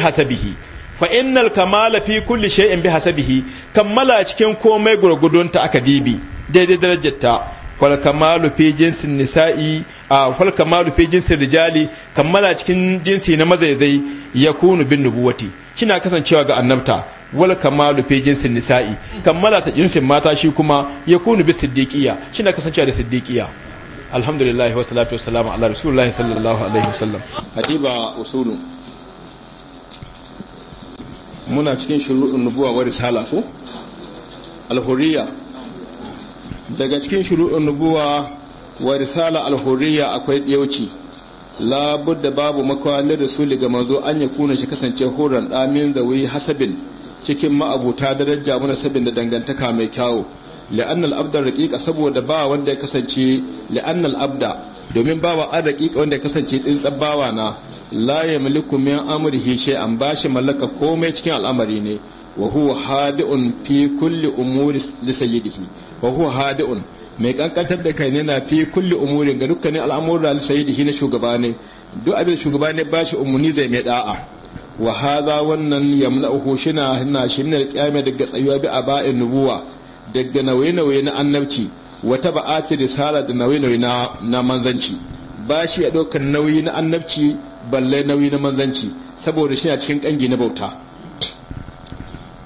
fa innal kamala fi kulli shay'in bi hasabihi kammala cikin komai gurgudunta aka dibi daidai darajar ta wal kamalu fi jinsin nisa'i a wal kamalu fi jinsin rijali kammala cikin jinsi na mazaizai yakunu bin nubuwati kina kasancewa ga annabta wal kamalu fi jinsin nisa'i kammala ta jinsin mata shi kuma yakunu bi siddiqiyya kina kasancewa da siddiqiyya alhamdulillah wa salatu wa salam ala rasulillah sallallahu alaihi wasallam hadiba usulun muna cikin shuru'un nubuwa wa risala ko alhuriya daga cikin shuru'un nubuwa wa risala alhuriya akwai ɗiyauci da babu makawalar rasuli ga manzo an ya kuna shi kasance horon ɗamin zawi hasabin cikin ma'abuta daraja muna sabin da dangantaka mai kyawu la'annal abda raƙiƙa saboda ba wanda ya kasance la'annal abda domin bawa an raƙiƙa wanda ya kasance tsintsar bawa na la miliku min an ba shi mallaka komai cikin al'amari ne wa huwa hadi'un fi kulli umuri li sayyidihi wa huwa hadi'un mai kankantar da kai ne na fi kulli umuri ga dukkanin al'amuri li sayyidihi na shugaba ne duk abin shugaba ne shi umuni zai mai da'a wa haza wannan yamla'uhu shina na shi min al-qiyam daga tsayuwa bi aba'in nubuwa daga nauye-nauye na annabci wata ba'ati risala da nauye-nauye na manzanci bashi ya ɗaukar nauyi na annabci balle nauyi na manzanci saboda shi na cikin kangi na bauta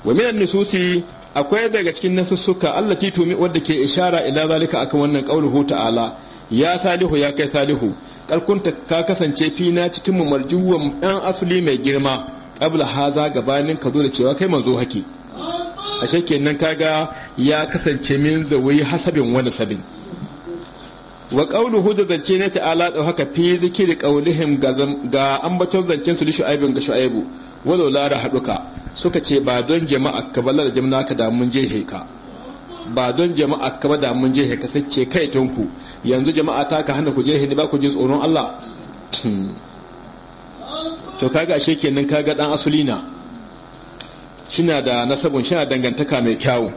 wa minan nususi akwai daga cikin nasussuka Allah ti tumi wadda ke ishara ila zalika akan wannan qauluhu ta'ala ya salihu ya kai salihu kalkunta ka kasance fina cikin mu marjuwan dan asuli mai girma qabla haza gabanin ka zo cewa kai manzo haki ashe kenan kaga ya kasance min zawai hasabin wani sabin wa qawluhu da zance na ta'ala da haka fi zikiri qawlihim ga ambaton zancen su li shu'aibin ga shu'aibu walau la haɗuka suka ce ba don jama'a ka balla da jama'a ka da mun jehe ka ba don jama'a ka ba da mun jehe ka sai ce kai tunku yanzu jama'a ta ka hana ku jehe ni ba ku jin tsoron Allah hmm. to kaga ashe kenan kaga dan asuli na shina da nasabun shina dangantaka mai kyawu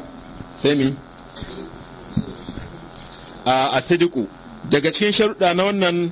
sai mi a asidiku daga cikin sharuɗa na wannan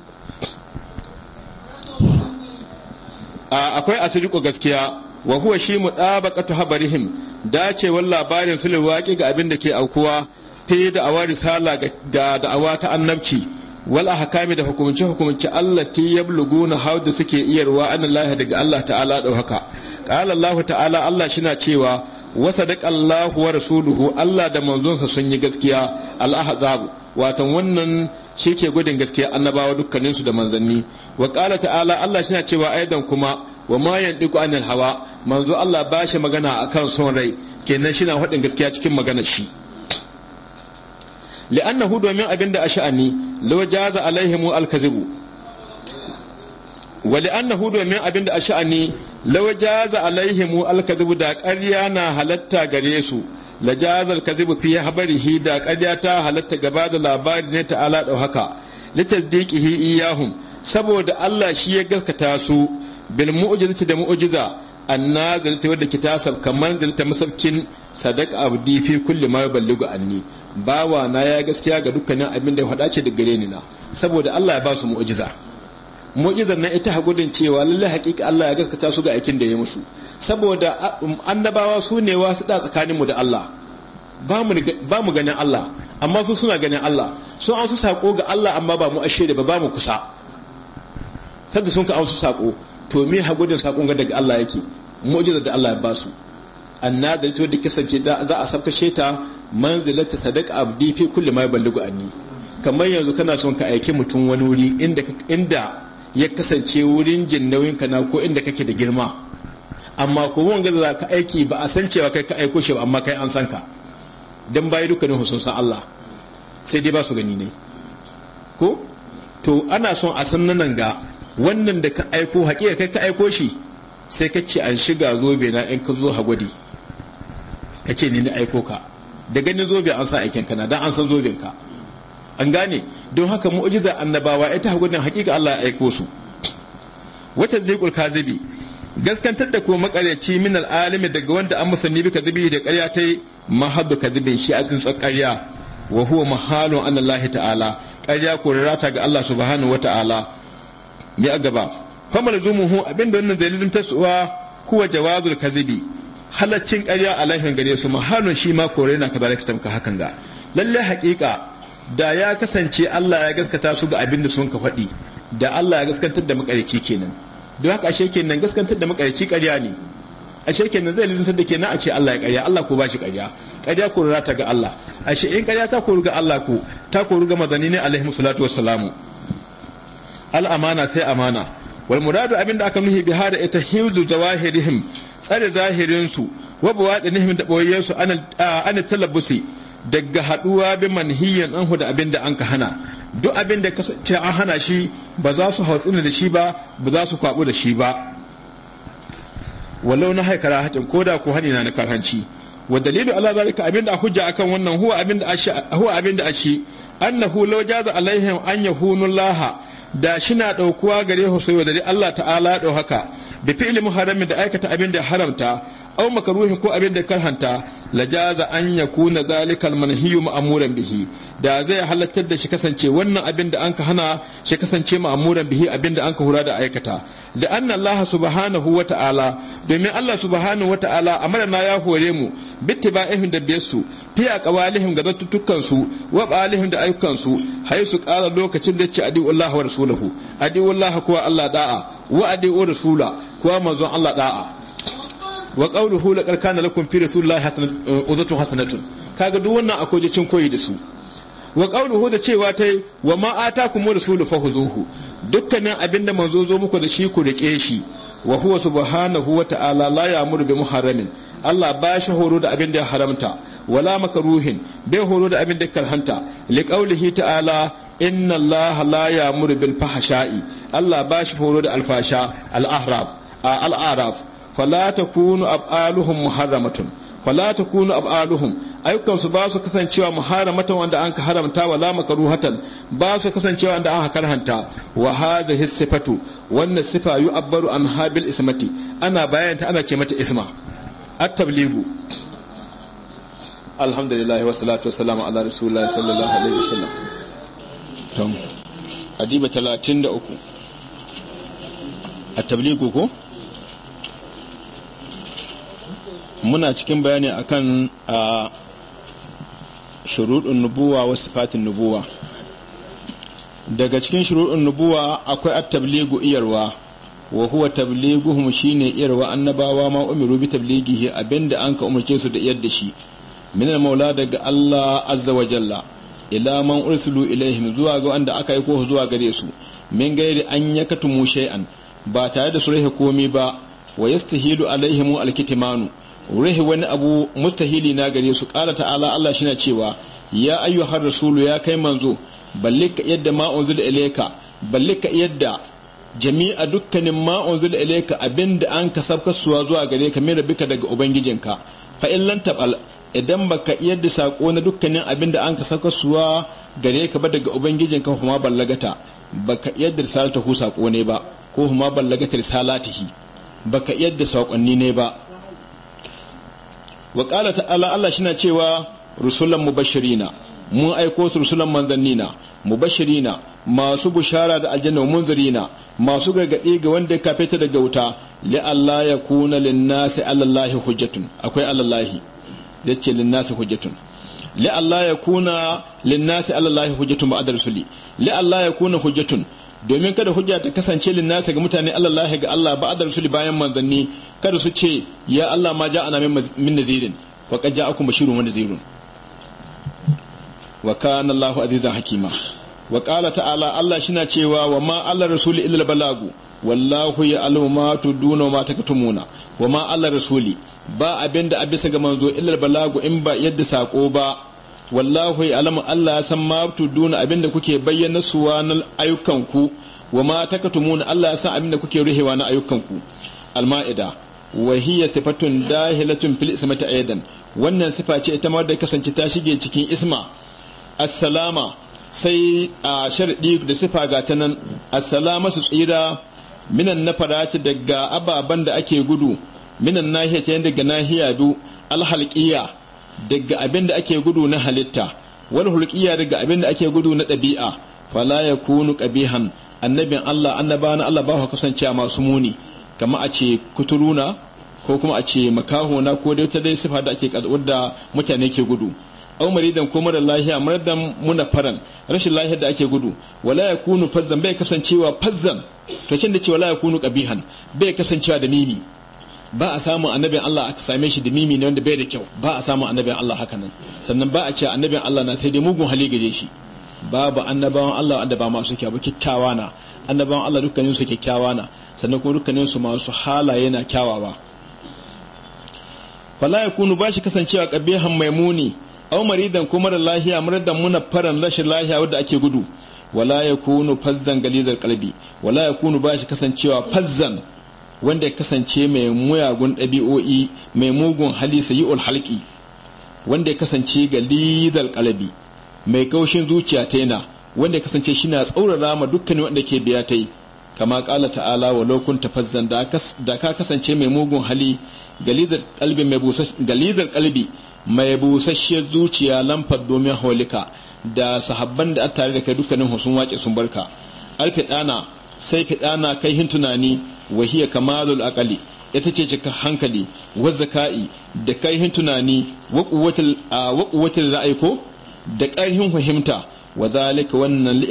akwai asiriku gaskiya wa huwa shi mu ɗabaqatu habarihim dacewar labarin su liwaƙi ga abin da ke aukuwa fi awa risala ga da'awa ta annabci wal ahkami da hukumce hukumce Allah ti yabluguna hauda suke iyarwa an lahi daga Allah ta'ala da haka qala Allah ta'ala Allah shina cewa wa sadaqallahu wa rasuluhu Allah da manzonsa sun yi gaskiya al ahzab watan wannan shi ke gudun gaskiya annabawa dukkaninsu da manzanni wa ƙala ta'ala Allah shi cewa aidan kuma wa ma yanɗiku anil hawa manzo Allah ba shi magana a kan son rai kenan shi na faɗin gaskiya cikin magana shi li'annahu domin abin da a sha'ani lo jaza alaihimu alkazibu wa li'annahu domin abin da a sha'ani lo jaza alaihimu alkazibu da ƙarya na halatta gare su la jazal kazibu fi habarihi da ƙarya ta halatta gaba da labari ne ala ɗau haka litasdiqihi iyahum saboda Allah shi ya gaskata su bil mu'jizati da mu'jiza annazil ta wadda ki tasab kamar da ta musabkin sadaq abdi fi kulli ma yuballigu anni wa na ya gaskiya ga dukkanin abin da ya faɗa ce da gare ni na saboda Allah ya ba su mu'jiza na ita hagudin cewa lallai haƙiƙa Allah ya gaskata su ga aikin da ya musu saboda um, annabawa su ne wasu da tsakaninmu da Allah ba mu ganin Allah amma su suna ganin Allah sun an su saƙo ga Allah amma ba mu ashe da ba ba mu kusa sadda sun ka an su saƙo to me gudun saƙon daga Allah yake mu'jiza da Allah ya ba su anna da to da kasance za a sabka ta manzilata sadaka abdi fi kulli ma yaballugu anni kamar yanzu kana son ka aiki mutum wani wuri inda inda ya kasance wurin jinnawinka na ko inda kake da girma amma ko wanga za ka aiki ba a san cewa kai ka aiko shi ba amma kai an san ka dan bayi dukkanin husun san Allah sai dai ba su gani ne ko to ana son a san nan ga wannan da ka aiko haƙiƙa kai ka aiko shi sai ka ce an shiga zobe na in ka zo hagwadi ka ce ni na aiko ka da ganin zobe an sa aikin ka na dan an san zoben ka an gane don haka mu'jiza annabawa ita hagwadin hakika Allah ya aiko su wata zai zabi gaskantar da kuma makaryaci min al'alimi daga wanda an musanni bi kadibi da ƙarya ta yi mahaddu kadhibin shi a tsintsar ƙarya wa huwa mahalun an Allah ta'ala ƙarya ko rata ga Allah subhanahu wa ta'ala mi a gaba famal abinda wannan zai lizumta suwa jawazul kazibi halaccin ƙarya a laifin gare su mahalun shi ma kore na kaza da tamka hakan ga lalle haƙiƙa da ya kasance Allah ya gaskata su ga abinda sun ka faɗi da Allah ya gaskantar da makaryaci kenan don haka ashe nan gaskantar da makarci karya ne ashe nan zai lizimtar da ke na a ce Allah ya karya Allah ko ba shi karya karya ko ta ga Allah ashe in karya ta koru ga Allah ko ta koru ga madani ne alaihi salatu wassalamu al amana sai amana wal muradu abinda aka nuhi bi hada ita hibzu jawahirihim tsare zahirin su wa nihim da boyyen su ana talabusi daga haduwa bi manhiyan anhu da abinda an ka hana duk abin da ce an hana shi ba za su tsini da shi ba ba za su kwabu da shi ba wallau na haikara ko da ko hani na karhanci wa dalilu ala zalika abin da hujja akan wannan huwa abin da ashi huwa abin da ashi annahu law jaza alaihim an yahunu laha da shi na daukuwa gare su sai dalilu Allah ta'ala dau haka bi fi'li muharrami da aikata abin da haramta aw makaruhin ko abin da karhanta lajaza an yakuna zalikal manhiyu ma'muran bihi da zai halattar da shi kasance wannan abin da anka hana shi kasance ma'muran bihi abin da anka hura da aikata da anna Allah subhanahu wa ta'ala domin Allah subhanahu wa ta'ala na ya hore mu bittiba'ihim da biyarsu fiya qawalihim ga zattutukan su wa qalihim da ayyukan su haisu qala lokacin da ce Allah wa rasuluhu Allah kuwa Allah da'a wa adiu rasula kuwa manzon Allah da'a wa qawluhu laqad kana lakum fi rasulillahi uswatun uh, hasanatun kaga duk wannan akwai jicin koyi da su wa qawluhu da cewa tai wa ma atakum rasulu fahuzuhu dukkanin abinda manzo zo muku da shi ku rike shi wa huwa subhanahu wa ta'ala la ya'muru bi muharramin Allah ba shi horo da abin da ya haramta wala makaruhin bai horo da abin da karhanta qawlihi ta'ala inna Allah la ya'muru bil fahsha'i Allah ba shi horo da alfasha al-ahraf al-araf fala takunu ab'aluhum muharramatun fala takunu ab'aluhum ayyukan su ba su kasancewa muharramatan wanda an ka haramta wala makruhatan ba su kasancewa wanda an karhanta wa hadhihi sifatu wannan sifa yu'abbaru an habil ismati ana bayanta ana ce mata isma at-tabligu alhamdulillah wa salatu wassalamu ala rasulillah sallallahu alaihi wasallam tam adiba 33 at-tabligu ko muna cikin bayani akan a shuruɗin nubuwa wa sifatin nubuwa daga cikin shuruɗin nubuwa akwai at-tabligu iyarwa wa huwa tabliguhum shine iyarwa annabawa ma umiru bi tablighihi abinda anka umarce su da da shi min al-maula daga Allah azza wa jalla ila man ursulu ilaihim zuwa ga wanda aka yi ko zuwa gare su min gairi an yakatumu shay'an ba tare da su rahe komi ba wa yastahilu alaihim al ruhi wani abu mustahili na gare su ƙara ta'ala Allah shi na cewa ya ayyuhar rasulu ya kai manzo ballika yadda ma unzila ilayka ballika yadda jami'a dukkanin ma unzila ilayka abinda an ka suwa zuwa gare ka mera bika daga ubangijinka fa in lan tabal idan baka yadda sako na dukkanin abinda an ka suwa gare ka ba daga ubangijinka kuma ballagata baka yadda risalata hu sako ne ba ko kuma ballagata risalatihi baka yadda sakonni ne ba wa ta ta'ala Allah shi na cewa rusulan mubashirina mun aiko su rusulan manzannina mubashirina masu bushara da aljanna munzirina masu gargaɗi ga wanda ya kafe ta daga wuta li Allah ya kuna linnasi alallahi hujjatun akwai alallahi yace linnasi hujjatun li Allah ya kuna linnasi alallahi hujjatun ba'da rusuli li Allah ya kuna hujjatun domin kada hujja ta kasance nasa ga mutane Allah ga Allah da rasuli bayan manzanni kada su ce ya Allah ma ja ana min nazirin wa qad ja'akum bashirun wa nazirun wa kana Allahu azizan hakima wa qala ta'ala Allah shina cewa wa ma Allah rasuli illa balagu wallahu ya'lamu ma tuduna wa ma taktumuna wa ma Allah rasuli ba abinda a ga manzo illa balagu in ba yadda sako ba wallahu alamu Allah ya san ma tuduna abinda kuke bayyana suwa na ayyukanku wa ma takatumuna Allah ya san abinda kuke ruhewa na ayyukanku al-ma'ida wa hiya sifatun dahilatun fil ismati aidan wannan sifa ce ita ma da kasance ta shige cikin isma assalama sai a sharadi da sifa ga ta nan assalama su tsira minan na farati daga ababen da ake gudu minan nahiya ta daga nahiya du alhalqiya daga abin da ake gudu na halitta wal hulqiya daga abin da ake gudu na ɗabi'a fala yakunu qabihan annabin Allah annabana Allah ba ka kasance masu muni kama a ce kuturuna ko kuma a ce makahona ko dai ta dai sifa da ake wadda mutane ke gudu aw maridan ko mara lahiya maradan muna faran rashin lahiya da ake gudu wala yakunu fazzan bai kasancewa fazzan to cin da ce wala yakunu qabihan bai kasancewa da mimi ba a samun annabin Allah aka same shi da mimi ne wanda bai da kyau ba a samun annabin Allah haka nan sannan ba a ce annabin Allah na sai dai mugun hali gare shi babu annabawan Allah wanda ba masu kyau ba kyakkyawa na annabawan Allah dukkanin su kyakkyawa na sannan kuma dukkanin su masu halaye na kyawawa fala yakunu ba shi kasancewa qabihan maimuni aw maridan ko da lahiya muradan muna faran rashin lahiya wanda ake gudu wala kunu fazzan galizar kalbi wala yakunu ba shi kasancewa fazzan wanda ya kasance mai muyagun ɗabi'o'i mai mugun hali sayi halki wanda ya kasance galizal kalabi mai kaushin zuciya ta yana wanda ya kasance shi na tsaurara ma dukkanin wanda ke biya ta yi kama kala ta'ala wa lokun tafazzan da ka kasance mai mugun hali galizar kalbi mai galizar kalbi mai busasshiyar zuciya lamfar domin holika da sahabban da tare da kai dukkanin sun wace sun barka ɗana sai fi ɗana kai hin tunani wa hiya kamalul aqali ita ce cika hankali wa zaka'i da kaihin tunani wa quwwatul wa quwwatul ra'ayi ko da karhin fahimta wa zalika wannan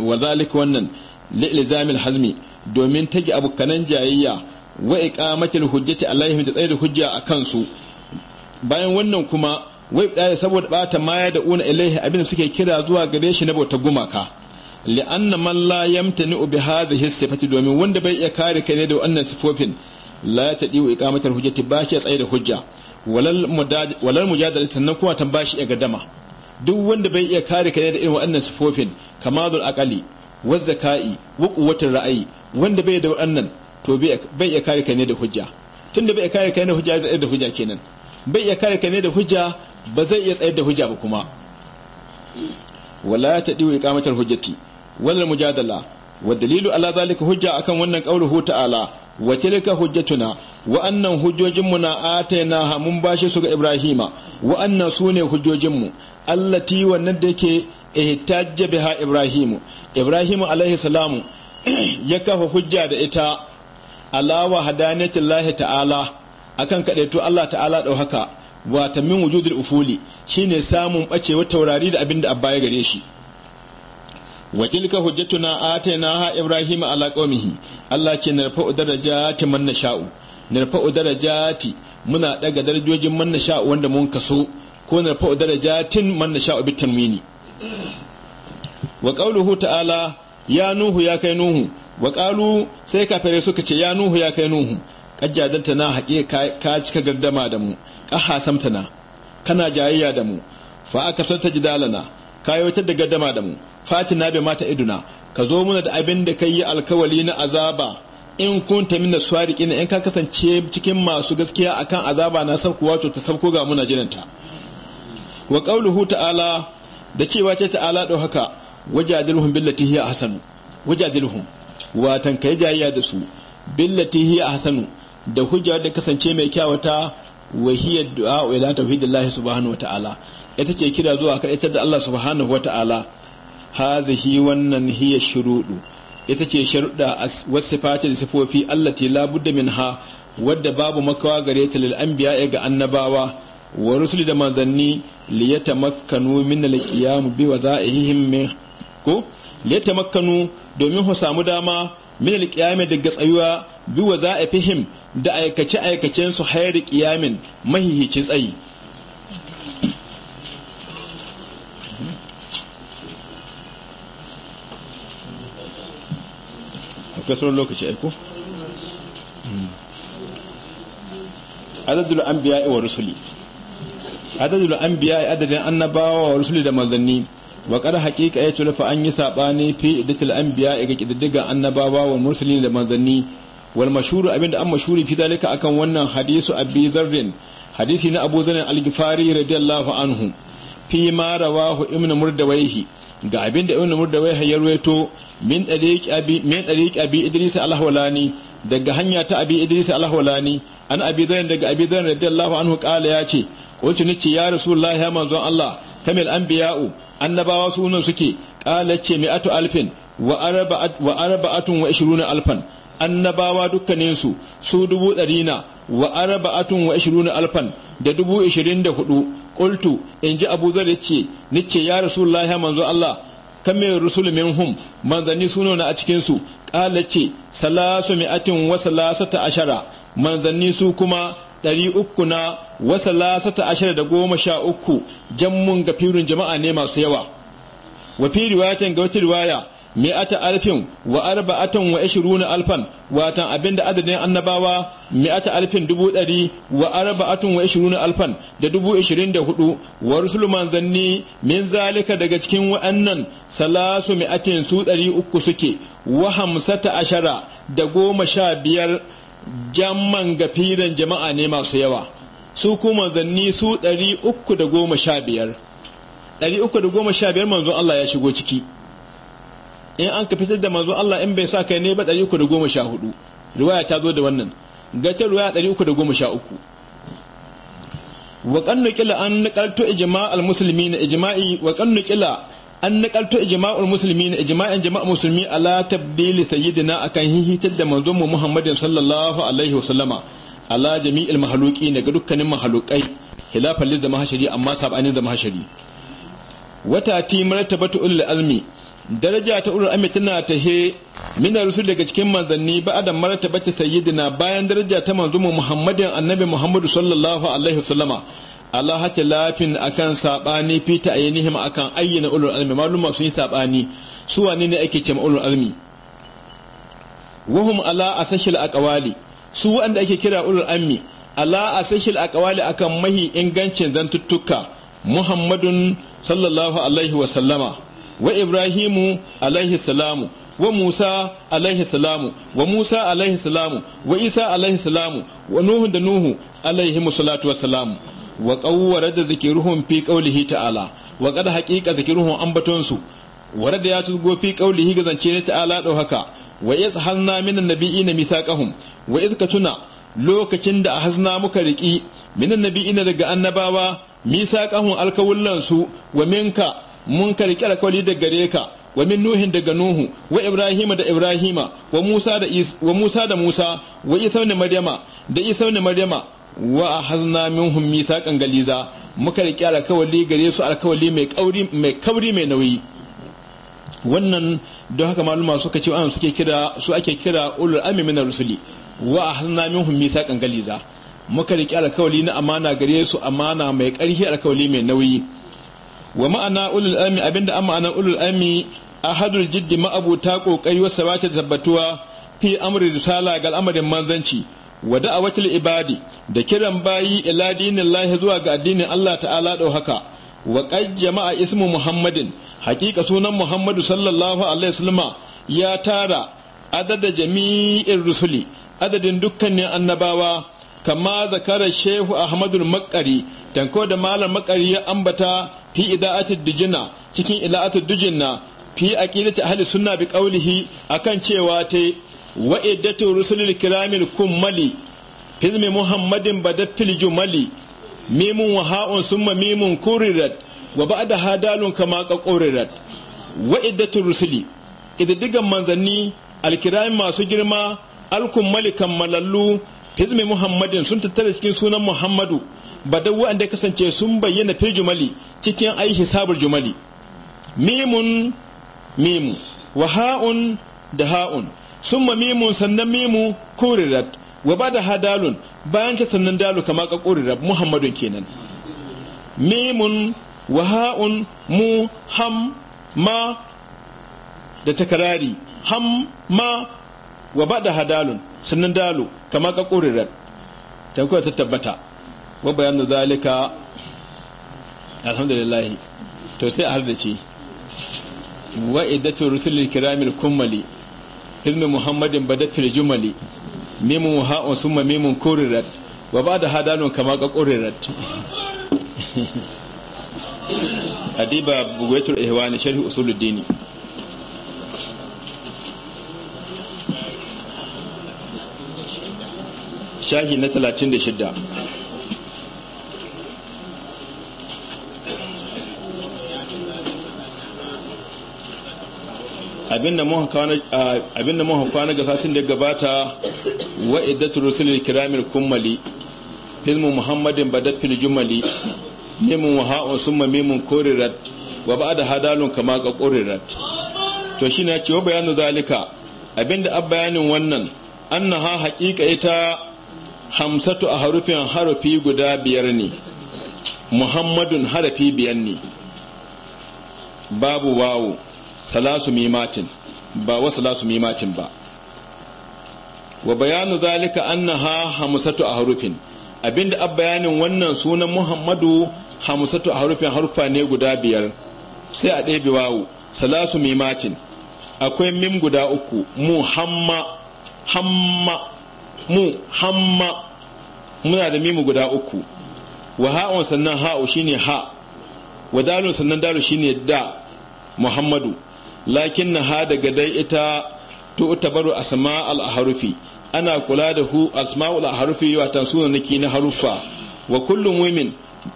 wa zalika wannan li'ilzamil hazmi domin tage abukanan jayayya wa iqamatil hujjati alaihim da tsaye da hujja a su bayan wannan kuma wai eh, saboda bata maya da una ilaihi abin suke kira zuwa gare shi na bauta gumaka li'anna man la yamtani bi hadhihi sifati domin wanda bai iya kare kai ne da wannan sifofin la tadi wa iqamatul hujjati ba shi tsaye da hujja walal mudad walal mujadala sannan kuma tan ba shi ya gadama duk wanda bai iya kare kai da irin wannan sifofin kamalul aqali wa zakai wa quwwatul ra'ayi wanda bai da wannan to bai iya kare kai ne da hujja tunda bai iya kare kai ne da hujja zai da hujja kenan bai iya kare kai ne da hujja ba zai iya tsayar da hujja ba kuma wala tadi wa iqamatul hujjati Wannan mujadala wa dalilu ala zalika hujja akan wannan qauluhu ta'ala wa tilka hujjatuna wa annan hujjojinmu na atainaha mun bashi su ga ibrahima wa annan sune hujjojinmu allati wannan da yake ihtajja biha ibrahimu ibrahimu alaihi salamu [clears throat] ya kafa hujja da ita ala wa hadaniyati lahi ta'ala akan kadaito Allah ta'ala dau haka wa min wujudul ufuli shine samun bacewa taurari da abinda abba ya gare shi wa tilka hujjatuna atainaha Ibrahim ala qaumihi Allah ce narfa'u darajati man nasha'u narfa'u darajati muna daga darajojin man nasha'u wanda mun kaso ko narfa'u darajatin man nasha'u bitamini wa qauluhu ta'ala ya nuhu ya kai nuhu wa qalu sai fere suka ce ya nuhu ya kai nuhu kajjadanta na haƙiƙa ka cika gardama da mu ƙaha samtana kana jayayya da mu fa aka santa jidalana ka yawatar da gardama da mu fatina bai mata iduna ka zo muna da abin da kai alkawali na azaba in ta min da in ka kasance cikin masu gaskiya akan azaba na sabku wato ta sabko ga muna jininta wa qauluhu ta'ala da cewa ce ta'ala do haka wajadilhum billati hiya ahsanu wajadilhum watan kai jayya da su billati hiya ahsanu da hujja da kasance mai kyawata wa hiya du'a ila tawhidillahi subhanahu wa ta'ala ita ce kira zuwa kar ita da Allah subhanahu wa ta'ala hazihi wannan hiya shurudu ita ce sharuɗa wasu fatin sifofi allati la budda ha wadda babu makawa gare ta lil anbiya ga annabawa wa rusuli da manzanni li yatamakkanu min al qiyam bi wadaihim min ko li yatamakkanu domin hu samu dama min al qiyam daga tsayuwa bi wadaihim da aikace aikacen su hayar qiyamin mahihicin tsayi kasar lokaci aiko hmm. adadul anbiya wa rusuli adadul anbiya adadin annabawa wa rusuli da mazanni wa qad haqiqa ya tulafa an yi sabani fi idatul anbiya ga na annabawa wa rusuli da mazanni wal mashhur abinda an mashhuri fi dalika akan wannan hadisu abi zarrin hadisi na abu zarrin al radiyallahu anhu fi ma rawahu ibnu murdawaihi ga abinda ibnu murdawaihi ya ruwaito min ɗariƙ abi min ɗariƙ idris alhawlani daga hanya ta abi idris alhawlani an abi zain daga abi zain radiyallahu anhu qala ya ce qultu nice ya rasulullahi ya manzon allah kamil anbiya'u annabawa sunan suke qala ce mi'atu alfin wa arba'at wa arba'atun wa ishruna alfan annabawa dukkanin su su dubu ɗari na wa arba'atun wa ishruna alfan da dubu ishirin da hudu qultu in ji abu zan ce nice ya rasulullahi ya manzon allah kamin rusul hum manzanni suno na a cikin su kala ce salasu mi'atin wa salasata ashara manzanni su kuma ɗari uku na wa salasata ashara da goma sha uku jammun ga firin jama'a ne masu yawa wa fi ga wata riwaya mi'ata alfin wa arba'atan wa ishruna alfan watan abinda adadin annabawa mi'ata alfin dubu ɗari wa arba'atun wa ishruna alfan da dubu ishirin da hudu wa rusul manzanni min zalika daga cikin wa'annan salasu mi'atin su ɗari uku suke wa hamsata ashara da goma sha biyar jamman gafiran jama'a ne masu yawa su kuma manzanni su ɗari uku da goma sha biyar ɗari uku da goma sha biyar manzon Allah ya shigo ciki in an ka fitar da manzo Allah in bai sa kai ne ba 314 riwaya ta zo da wannan gata riwaya 313 wa kan kila an naqaltu ijma'al muslimin ijma'i wa kan kila an naqaltu ijma'ul muslimin ijma'in jama'a muslimi ala tabdili sayyidina akan hihitar da manzo mu Muhammadin sallallahu alaihi sallama ala jami'il mahaluqin ga dukkanin mahalukai khilafan lil zamahashari amma sabanin zamahashari wata ti martabatu ul almi daraja ta ulul amri tana tahe min rusul daga cikin manzanni ba adam martaba ta sayyidina bayan daraja ta manzo muhammadin annabi muhammadu sallallahu alaihi wasallama Allah hake lafin akan sabani fi ta ayyinihim akan ayyana ulul almi maluma sun yi sabani su wane ne ake cewa ulul almi wahum ala asashil aqwali su wanda ake kira ulul almi ala asashil aqwali akan mahi ingancin zantuttuka muhammadun sallallahu alaihi wasallama wa ibrahimu alaihi salamu wa musa alaihi salamu wa musa alaihi salamu wa isa alaihi salamu wa nuhu da nuhu alaihi salatu wa salamu wa qawwara da zikiruhum fi qawlihi ta'ala wa qad haqiqa su wa radda ya tuzgo fi qawlihi ga zance ta'ala dau haka wa iz halna minan nabiyina misaqahum wa iz katuna lokacin da a hasna muka riki minan nabiyina daga annabawa misaqahum alkawullan su wa minka mun karki alkawali da gare ka wa min nuhin daga nuhu wa ibrahima da ibrahima wa musa da wa musa da musa wa isa ne maryama da isa ne maryama wa ahazna minhum mithaqan galiza muka riƙe alkawali gare su alkawali mai kauri mai kauri mai nauyi wannan don haka maluma suka ce an suke kira su ake kira ulul amri min rusuli wa ahazna minhum mithaqan galiza muka riƙe alkawali na amana gare su amana mai ƙarfi alkawali mai nauyi wa ma'ana ulul ami abinda an ma'ana ulul ami ahadul jiddi ma'abuta kokari wa sabata tabbatuwa fi amri risala ga al'amarin manzanci wa da'awatul ibadi da kiran bayi ila dinillahi zuwa ga addinin Allah ta'ala dau haka wa qad jama'a ismu muhammadin haqiqa sunan muhammadu sallallahu alaihi wasallama ya tara adada jami'in rusuli adadin dukkanin annabawa kama zakarar shehu ahmadul makari tanko da malam makari ya ambata fi ida'atid dujina cikin ila'atul dujinna fi aqidati ahli sunna bi qawlihi akan cewa ta wa iddatu rusulil kiramil kummali fizmi muhammadin badat fil jumali mimun wa ha'un summa mimun kurirat wa ba'da hadalun kama qaqurirat wa iddatu rusuli ididdigan manzanni alkirami masu girma alkummali kammalallu fizmi muhammadin sun tattara cikin sunan muhammadu ba da wa'anda kasance sun bayyana fil jumali cikin ai hisabul jumali mimun mimu wa ha'un da ha'un summa mimun sannan mimu kurirat wa ba da hadalun bayan ta sannan dalu kama ka kurirat muhammadun kenan mimun wa ha'un mu ham ma da takarari ham ma wa ba da hadalun sannan dalu kama ka kurirat ta kuwa ta tabbata wa bayan zalika alhamdulillahi to sai a hardace wa iddatu rusulil kiramil kummali ilmi muhammadin badatil jumali mimun ha'un summa mimun kurirat wa ba da hadanun kama ka kurirat [laughs] adiba bugwaitul ihwani sharhi usuluddini shahi na 36 abinda mun kwana ga satin da gabata wa iddatu rusulil kiramil kummali filmu muhammadin badat fil jumali nemun wa summa mimun korirat wa ba'da hadalun kama ga korirat to shine ya ce wa bayanu zalika abinda ab bayanin wannan annaha haqiqa ita hamsatu a harufin harafi guda biyar ne muhammadun harafi biyar ne babu wawo salasu mimatin ba wa salasu mimatin ba wa bayanu zalika annaha hamsatu ahrufin abinda ab bayanin wannan sunan muhammadu hamsatu ahrufin harufa ne guda biyar sai a ɗebe wawu salasu mimatin akwai mim guda uku mu hamma hamma mu hamma muna da mimu guda uku wa ha'un sannan ha'u shine ha wa dalun sannan dalu shine da muhammadu lakin na hada gadai dai ita tu'tabaru asma al harufi ana kula da hu asma'ul harufi watan niki na harufa wa kullu mumin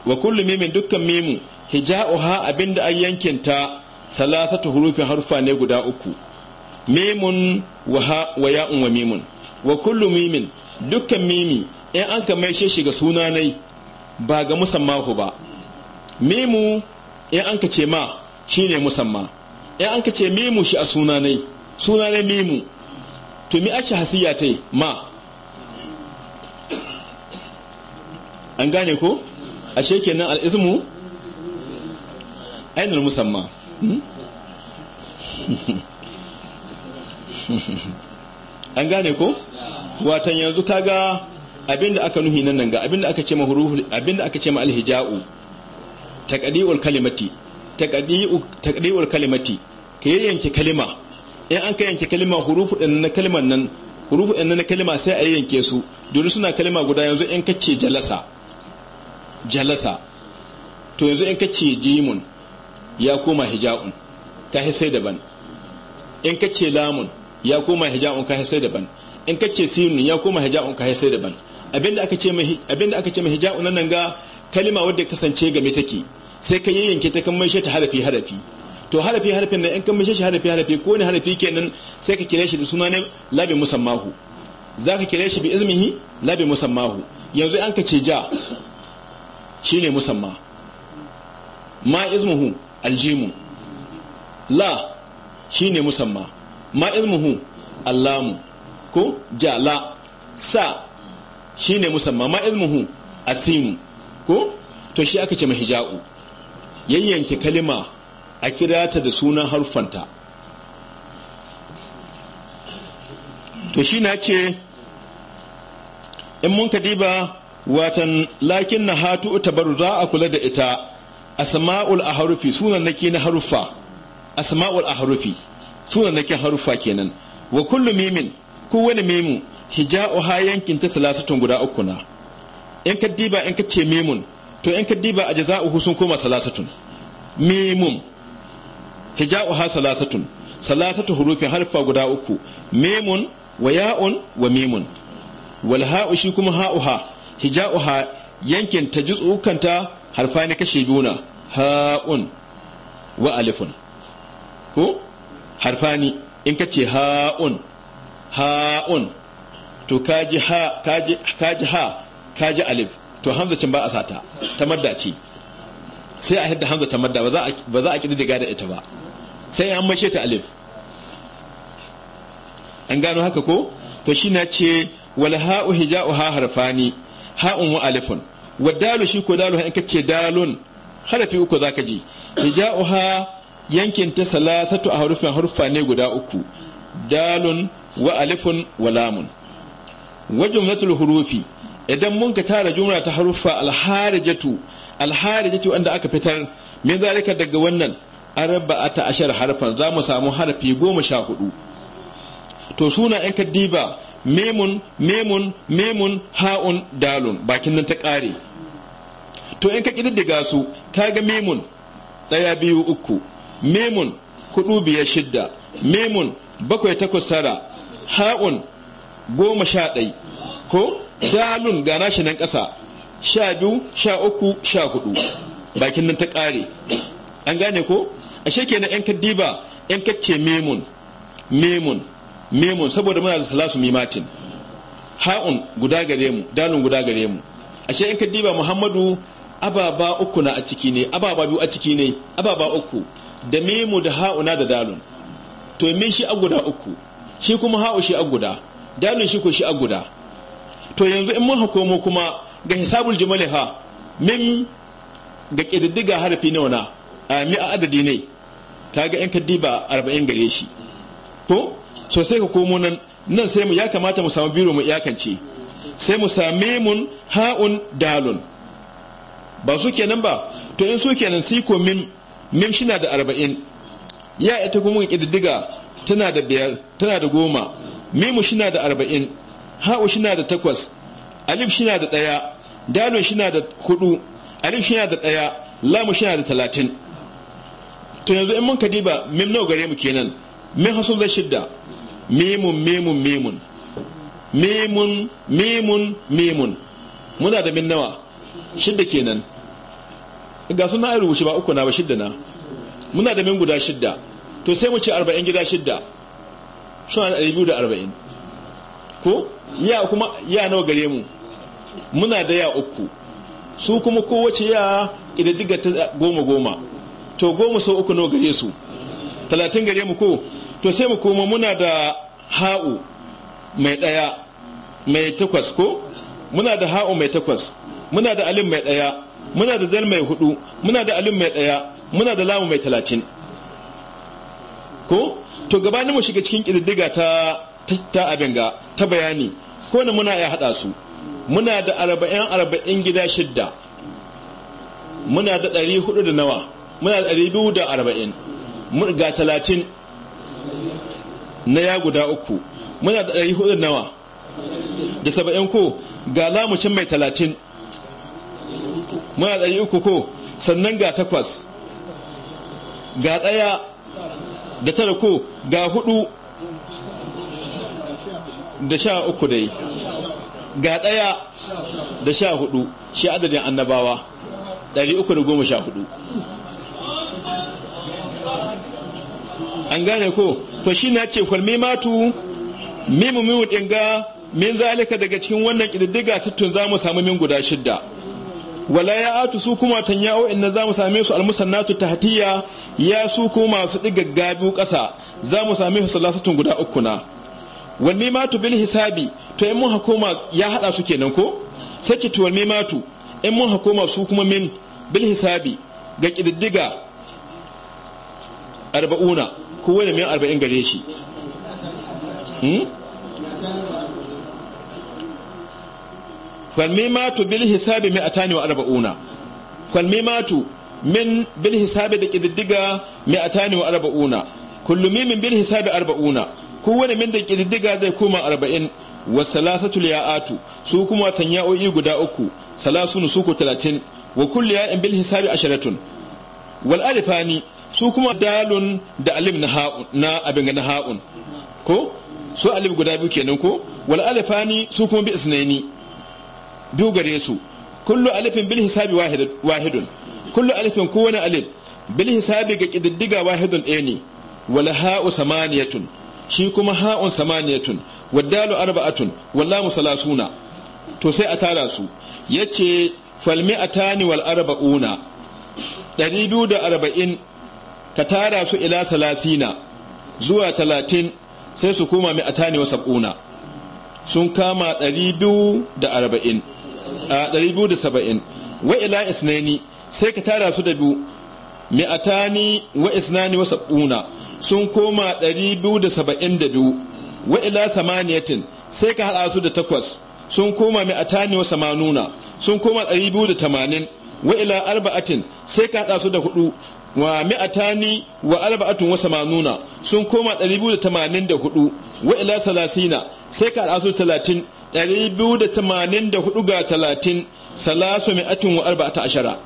wa kullu mimin dukkan mimu hija'uha abinda an yankinta salasatu hurufin harufa ne guda uku mimun wa ya'un wa mimun wa kullu mimin dukkan mimi in an ka mai shi ga suna nai ba ga ku ba mimu in an ka ce ma shine musamma in an ka ce mimu shi a sunanai sunanai mimu to mi ashi hasiya ta yi ma an gane ko a sheke nan al'izmu ainihin musamman hmm? [laughs] an gane ko watan yanzu kaga abinda aka nuhi nan nan ga abinda aka ce mahuruhu abinda aka ce ma alhija'u taqdi'ul kalimati taqdi'u taqdi'ul kalimati ka yayyanke kalima in an ka yanke kalima hurufu ɗin na kaliman nan hurufu ɗin na kalima sai a yanke su domin suna kalima guda yanzu in ka ce jalasa jalasa to yanzu in ka ce jimun ya koma hija'un ka sai daban in ka ce lamun ya koma hija'un ka sai daban in ka ce sinun ya koma hija'un ka sai daban abinda aka ce mai aka ce mai hija'un nan ga kalima wadda kasance game take sai ka yayyanke ta kan mai shi ta harafi harafi to harafi harafin na in kan shi harafi harafi ko ne harafi kenan sai ka kire shi da suna ne labi musammahu za ka kire shi bi izmihi labi musammahu yanzu an ka ce ja shine musamma ma izmuhu aljimu la shine musamma ma izmuhu allamu ko ja la sa shine musamma ma izmuhu asimu ko to shi aka ce mahija'u yayyanke kalima a kira ta da sunan harfanta to shi na ce in mun kadiba watan lakin na hatu tabaru za a kula da ita asma'ul harufi sunan nake na harufa asma'ul harufi sunan nake harufa kenan wa kullu mimin ku wani mimu hija'u ha yankin ta salasatun guda uku na in ka diba in ka ce mimun to in ka diba a jaza'u sun koma salasatun mimun hija'u ha salasatun salasatu hurufin harfa guda uku memun wa ya'un wa mimun wal ha'u shi kuma ha'u ha hija'u ha yankin ta juz'ukanta harfa ne kashe duna ha'un wa alifun ko harfani in ka ce ha'un ha'un to kaji ha kaji kaji ha kaji alif to hamza cin ba a sata ta maddaci ce sai a hidda hamza ta madda ba za a kidi da ita ba sai an mashe ta alif an gano haka ko to shi na ce wal ha'u hija'u ha harfani ha'un wa alifun wa dalu shi ko dalu in kace dalun harafi uku zaka ji hija'u ha yankin ta salasatu a harufin harfa ne guda uku dalun wa alifun wa lamun wa jumlatul hurufi idan mun ka tara jumla ta haruffa al harijatu wanda aka fitar min zalika daga wannan ata ashar harfan za mu samu harfi goma sha hudu to suna yan kaddiba memun memun memun ha'un dalun bakin nan ta kare to in ka diga su ta ga memun ɗaya biyu uku memun kudu biyar shidda memun bakwai takwas tara ha'un goma sha ɗai ko dalun gana shi nan ƙasa sha biyu sha uku sha hudu bakin nan ta kare an gane ko ashe kenan yan kaddiba yan kacce memun memun memun saboda muna da salasu mimatin ha'un guda gare mu dalun guda gare mu ashe yan kaddiba muhammadu ababa uku na a ciki ne ababa biyu a ciki ne ababa uku da memu da ha'una da dalun to me shi a guda uku shi kuma ha'u shi a guda dalun shi ko shi a guda to yanzu in mun hakomo kuma ga hisabul jimali ha min ga kididdiga harafi nawa na a mi a adadi ne kaga kaddi ba a arba'in gare shi ko so sai ka komo nan nan sai mu ya kamata mu samu biro mu iyakance sai mu same mun ha'un dalun ba su kenan ba to in su kenan sai ko mim mim na da arba'in ya ita kuma ƙididdiga tana da biyar tana da goma mimu na da arba'in ha'u na da takwas alif shi na da ɗaya dalun shi na da hudu alif shi na da ɗaya lamu shi na da talatin to yanzu in mun ka diba mim nawa gare mu kenan min hasul da shidda mimun mimun mimun mimun mimun mimun muna da min nawa shidda kenan ga suna an rubuce ba uku na ba shidda na muna da min guda shidda to sai mu ce arba'in gida shidda suna da ɗari biyu da arba'in ko ya kuma ya nawa gare mu muna da ya uku su kuma kowace ya ƙididdiga ta goma goma to goma sau uku nawa gare su talatin gare mu ko to sai mu koma muna da ha'u mai ɗaya mai takwas ko muna da ha'u mai takwas muna da alim mai ɗaya muna da dal mai hudu muna da alim mai ɗaya muna da lamu mai talatin ko to gabanin mu shiga cikin ƙididdiga ta ta abin ga ta bayani ko ne muna ya haɗa su muna da arba'in arba'in gida shidda muna da ɗari hudu da nawa muna ɗari biyu da arba'in ga talatin na ya guda uku muna da ɗari hudu nawa da saba'in ko ga lamucin mai talatin muna ɗari uku ko sannan ga takwas ga ɗaya da tara ko ga hudu da sha uku dai ga ɗaya da sha hudu shi adadin annabawa ɗari uku da goma sha hudu an gane ko to shi na ce falmi matu mimu mimu dinga min zalika daga cikin wannan kididdiga sittun za mu samu min guda shidda wala ya atu su kuma tanya'o inna za mu same su almusannatu tahtiya ya su kuma masu digaggabu kasa za mu same su salasatun guda uku na wal mimatu bil hisabi to in mun hukuma ya hada su kenan ko sai to wal mimatu in mun hukuma su kuma min bil hisabi ga kididdiga arba'una kowane miliyan arba'in gare shi hmm? falmimatu bil hisabi mai atani wa arba'una falmimatu min bil hisabi da kididdiga mai atani wa arba'una kullumi min bil hisabi arba'una kowane min da kididdiga zai koma arba'in wa salasatul ya'atu su kuma watan ya'o'i guda uku salasu nusuku talatin wa kulli ya'in bil hisabi ashiratun wal alifani su kuma dalun da alif na ha'un na abin ga na ha'un ko su alif guda biyu kenan ko wal alifani su kuma bi isnaini biyu gare su kullu alifin bil hisabi wahidun kullu alifin kowane alif bil hisabi ga kididdiga wahidun ɗaya ne wal ha'u samaniyatun shi kuma ha'un samaniyatun waddalu arba'atun wallamu salasuna to sai a tara su yace falmi atani wal arba'una 240 ka tara su ila salasina zuwa talatin sai su koma mai atani wa sab'una sun kama ɗari biyu da arba'in a ɗari biyu da saba'in wa ila isnani sai ka tara su da biyu mai atani wa isnani wa sab'una sun koma ɗari biyu da saba'in da biyu wa ila samaniyatin sai ka haɗa su da takwas sun koma mai atani wa samanuna sun koma ɗari biyu da tamanin wa ila arba'atin sai ka haɗa su da hudu wa mi'atani wa arba'atun wa samanuna sun koma 284 wa ila salasina sai ka al'asu 30 284 ga 30 salasu mi'atun wa arba'ata ashara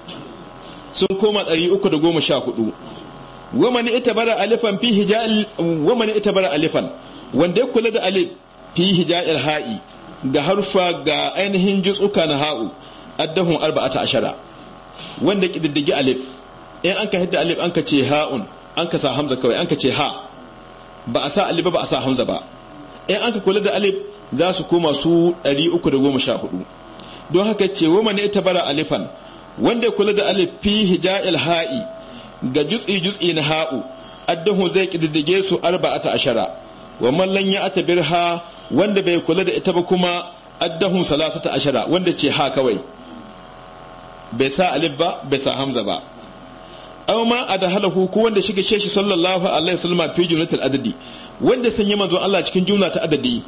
sun koma 314 wa man itabara alifan fi hijal wa ita bara alifan wanda ya kula da alif fi hija'il ha'i ga harfa ga ainihin jutsuka na ha'u addahun arba'ata ashara wanda kididdigi alif in an ka hidda alif an ka ce ha'un an ka sa hamza kawai an ka ce ha ba a sa alif ba a sa hamza ba in an ka kula da alif za su koma su 314 don haka ce wa mani ita bara alifan wanda ya kula da alif fi hija'il ha'i ga jutsi jutsi na ha'u addahu zai kididdige su arba'ata ashara wa man lan ya atabir ha wanda bai kula da ita ba kuma addahu salasata ashara wanda ce ha kawai bai sa alif ba bai sa hamza ba aw ma adhalahu ko wanda shiga shi sallallahu alaihi wasallam fi jumlatul adadi wanda yi manzon Allah cikin jumla ta adadi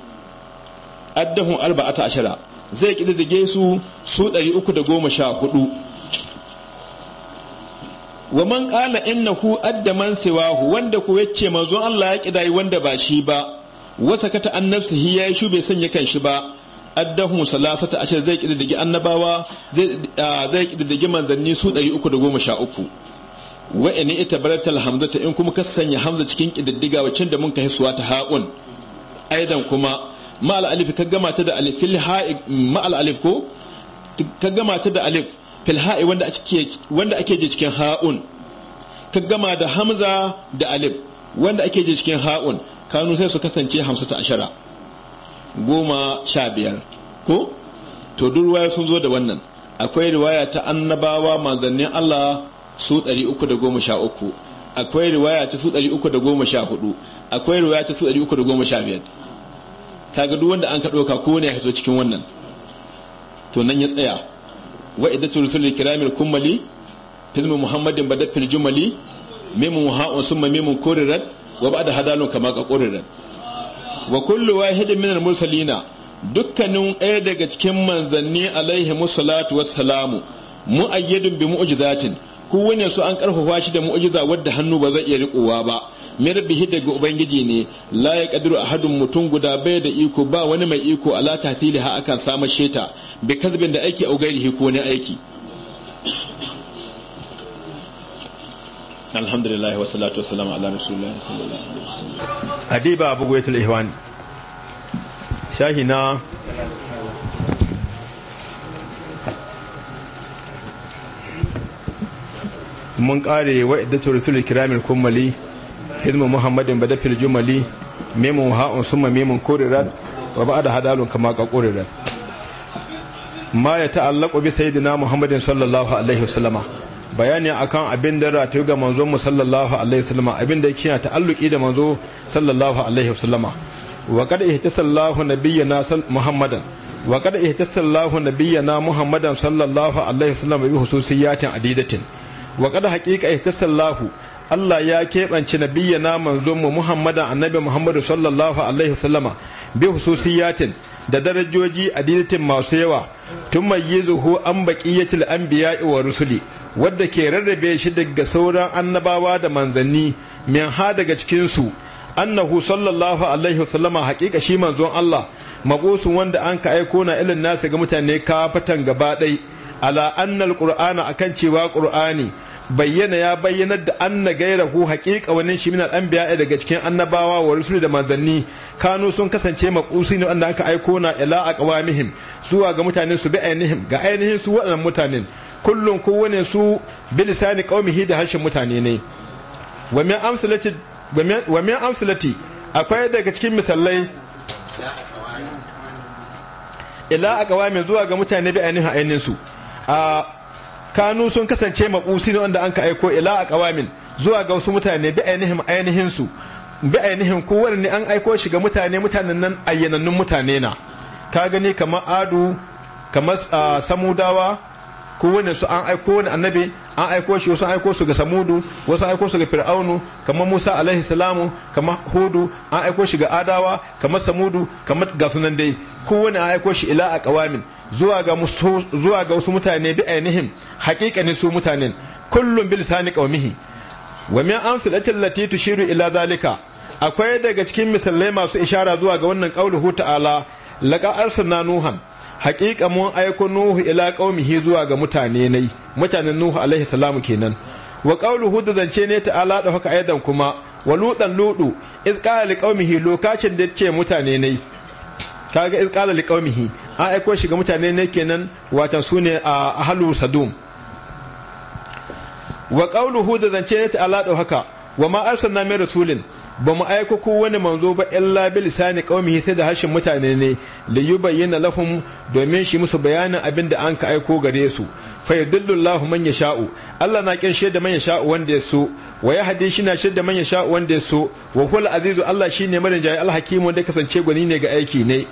addahu arba'ata ashara zai kididdige su su 314 wa man qala innahu adda man siwahu wanda ko yace manzon Allah ya yi wanda ba shi ba wasakata an nafsihi yayi shu bai sanya kan shi ba addahu salasata ashar zai kididdige annabawa zai kididdige ah, manzanni su 313 wa in ita baratal hamzata in kuma ka sanya hamza cikin kididdiga wacin da mun kai suwa ta haun aidan kuma ma'al alif ka gama ta da alif fil ha'i ma'al alif ko ka gama ta da alif fil ha'i wanda ake wanda ake je cikin ha'un ka gama da hamza da alif wanda ake je cikin ha'un kanu sai su kasance ta ashara goma sha biyar ko to duk sun zo da wannan akwai riwaya ta annabawa manzannin Allah su 313 akwai riwaya ta su 314 akwai riwaya ta su 315 kaga duk wanda an ka doka ko ne ya fito cikin wannan to nan ya tsaya wa idatu rusulil kiramil kummali filmi muhammadin badafil jumali mimun ha'un summa mimun kurirat wa ba'da hadalun kama ka kurirat wa kullu wahidin minal mursalina dukkanin ɗaya daga cikin manzanni alaihi musallatu wassalamu mu'ayyadun bi mu'jizatin kowane su an karfafa shi da mu'jiza wadda hannu ba zai iya rikowa ba rabbi rabbihi daga ubangiji ne la ya kadiru ahadun mutum guda bai da iko ba wani mai iko ala ha akan samu sheta bi kasbin da aiki au gairihi ko ne aiki alhamdulillah wa salatu wassalamu ala rasulillah sallallahu alaihi wasallam adiba abu gwaitul ihwan shahina mun kare wa iddatu rasulul kiramil kummali hizmu muhammadin badafil jumali memu ha'un summa memu kurirat wa ba'da hadalun kama ka ma ya ta'allaqu bi sayyidina muhammadin sallallahu alaihi wasallama bayani akan abin da ratu ga manzo mu sallallahu alaihi wasallama abin da yake ta'alluki da manzo sallallahu alaihi wasallama wa qad ihtasallahu nabiyyana muhammadan wa qad ihtasallahu nabiyyana muhammadan sallallahu alaihi wasallama bi hususiyatin adidatin wa kada haqiqa sallahu Allah ya keɓance nabiyyana manzon mu Muhammadan annabi Muhammadu sallallahu alaihi wasallama bi hususiyatin da darajoji a masu yawa tun mayyizuhu an baqiyatil anbiya wa rusuli wadda ke rarrabe shi daga sauran annabawa da manzanni min ha daga cikin su annahu sallallahu alaihi wasallama haƙiƙa shi manzon Allah maqusun wanda an ka aiko na ilin nasu ga mutane kafatan gaba ɗai ala annal qur'ana akan cewa qur'ani bayyana ya bayyanar da an gaira ku haƙiƙa wani shi min al'anbiya daga cikin annabawa wa rusuli da manzanni kanu sun kasance maƙusi ne wanda aka aiko na ila aqwamihim zuwa ga mutanen su bi ainihin ga ainihin su waɗannan mutanen kullum ko wani su bilisani ƙaumihi da harshen mutane ne wa min amsalati wa akwai daga cikin misalai ila aqwamin zuwa ga mutane bi ainihin ainihin su a kanu sun kasance maƙusi ne wanda an ka aiko ila a ƙawamin zuwa ga wasu mutane bi ainihin ainihin su bi ainihin kowane ne an aiko shi ga mutane mutanen nan ayyanannun mutane na ka gani kamar adu kamar samudawa kowane su an aiko wani annabi an aiko shi wasu aiko su ga samudu wasu aiko su ga fir'aunu kamar musa alaihi salamu kamar hudu an aiko shi ga adawa kamar samudu kamar ga sunan dai kowane aiko shi ila a kawamin zuwa ga zuwa ga wasu mutane bi ainihin haqiqanin su mutanen kullum bil sani qawmihi wa min amsal allati tushiru ila zalika akwai daga cikin misalai masu ishara zuwa ga wannan hu ta'ala laqa arsalna nuhan haƙiƙa mun aiko nuhu ila qaumihi zuwa ga mutane nai mutanen nuhu alaihi salamu kenan wa qauluhu da zance ne ta'ala da haka aidan kuma wa lutan ludu iz qala liqaumihi lokacin da ce mutane nai kaga iz qala liqaumihi an aiko shi ga mutane ne kenan watan sune a ahlu sadum wa qawluhu da zance ne ta Allah haka wa ma arsalna min rasulin ba mu aiko ko wani manzo ba illa bil sani qaumihi sai da harshen mutane ne li yubayyana lahum domin shi musu bayanin abin da an ka aiko gare su fa yadullu Allahu man yasha'u Allah na kin shaida man yasha'u wanda ya so wa yahdi shi na shaida man yasha'u wanda ya so wa huwal azizu Allah shine marin jayi al wanda kasance gwani ne ga aiki ne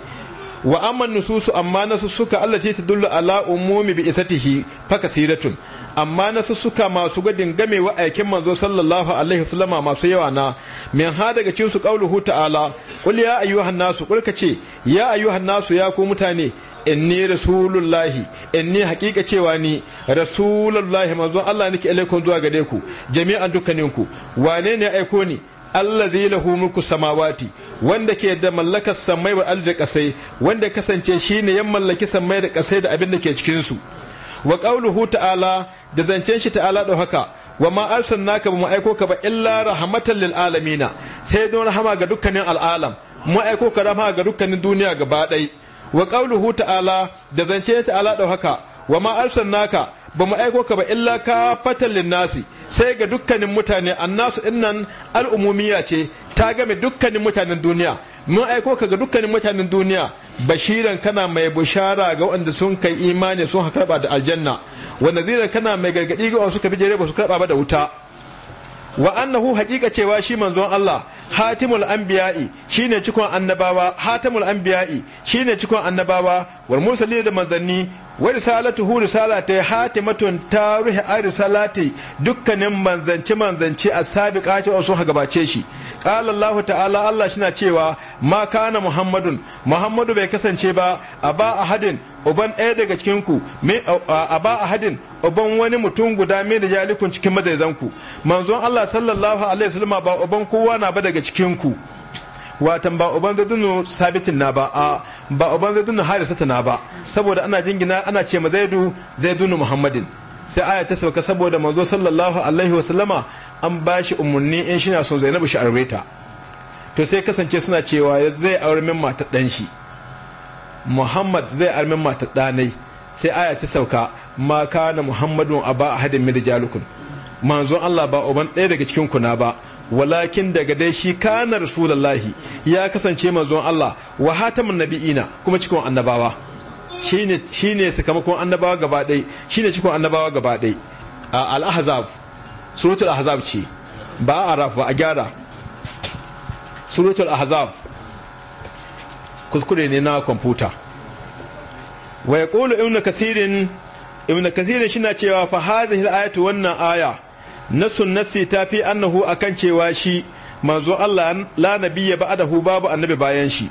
wa amman nususu amma nasu suka Allah ta tadullu ala umumi bi isatihi fa kasiratun amma na suka masu gudun game wa aikin manzo sallallahu alaihi wasallama masu yawa na min ha daga cikin su qauluhu ta'ala qul ya ayyuhan nasu qul kace ya ayyuhan nasu ya ku mutane inni rasulullahi inni hakika cewa ni rasulullahi manzo Allah nake alaikum zuwa gare ku jami'an dukkaninku wane ne aiko ni allah allazi lahu mulku samawati wanda ke da mallakar samai wa da kasai wanda kasance shine ya mallaki samai da kasai da abin da ke cikin su wa ta'ala da zancen shi ta'ala ɗau haka wa ma arsalnaka ba mu aiko ka ba illa rahmatan lil alamina sai don rahama ga dukkanin al'alam mu aiko ka rahama ga dukkanin duniya gaba ɗai wa ƙauluhu ta'ala da zancen ta'ala ɗau haka wa ma arsalnaka ba mu aiko ka ba illa ka fatan linnasi sai ga dukkanin mutane annasu innan al'umumiya ce ta game dukkanin mutanen duniya mun aiko ka ga dukkanin mutanen duniya bashiran kana mai bushara ga wanda sun kai imani sun karba da aljanna wa nadiran kana mai gargadi ga wanda suka bi jere ba su karba ba da wuta wa annahu haqiqa cewa shi manzon Allah hatimul anbiya'i shine cikon annabawa hatimul anbiya'i shine cikon annabawa wal mursalin da manzanni wa risalatuhu risala ta hatimatun tarihi a risalati dukkanin manzanci manzanci a sabi ƙaci sun gabace shi qala Allah ta'ala Allah shina cewa ma kana Muhammadun Muhammadu bai kasance ba a ba ahadin uban ɗaya daga cikin ku a ba ahadin uban wani mutum guda mai da jalikun cikin mazaizanku manzon Allah sallallahu alaihi wasallam ba uban kowa na ba daga cikin ku watan ba uban zaidunu sabitin na ba a ba uban zaidunu ta na ba saboda ana jingina ana ce ma zaidu zaidunu muhammadin sai aya ta sauka saboda manzo sallallahu alaihi wa sallama an shi umarni in shi na son zainabu shi aure ta to sai kasance suna cewa zai aure min mata dan shi muhammad zai aure min mata danai sai aya ta sauka ma kana muhammadun aba ahadin min rijalukum manzo Allah ba uban ɗaya daga cikin na ba walakin daga dai shi kana rasulullahi ya kasance manzon Allah wa hatamun nabi'ina kuma cikon annabawa shine shine sakamakon annabawa gaba ɗaya shine cikon annabawa gaba ɗaya al-ahzab suratul ahzab ce ba a ba a gyara suratul ahzab kuskure ne na kwamfuta wa yaqulu ibnu kasirin ibnu kasirin shina cewa fa hazihi al-ayatu wannan aya nasun nasi ta fi annahu a kan cewa shi manzo Allah la nabiya nabiyya ba'dahu babu annabi bayan shi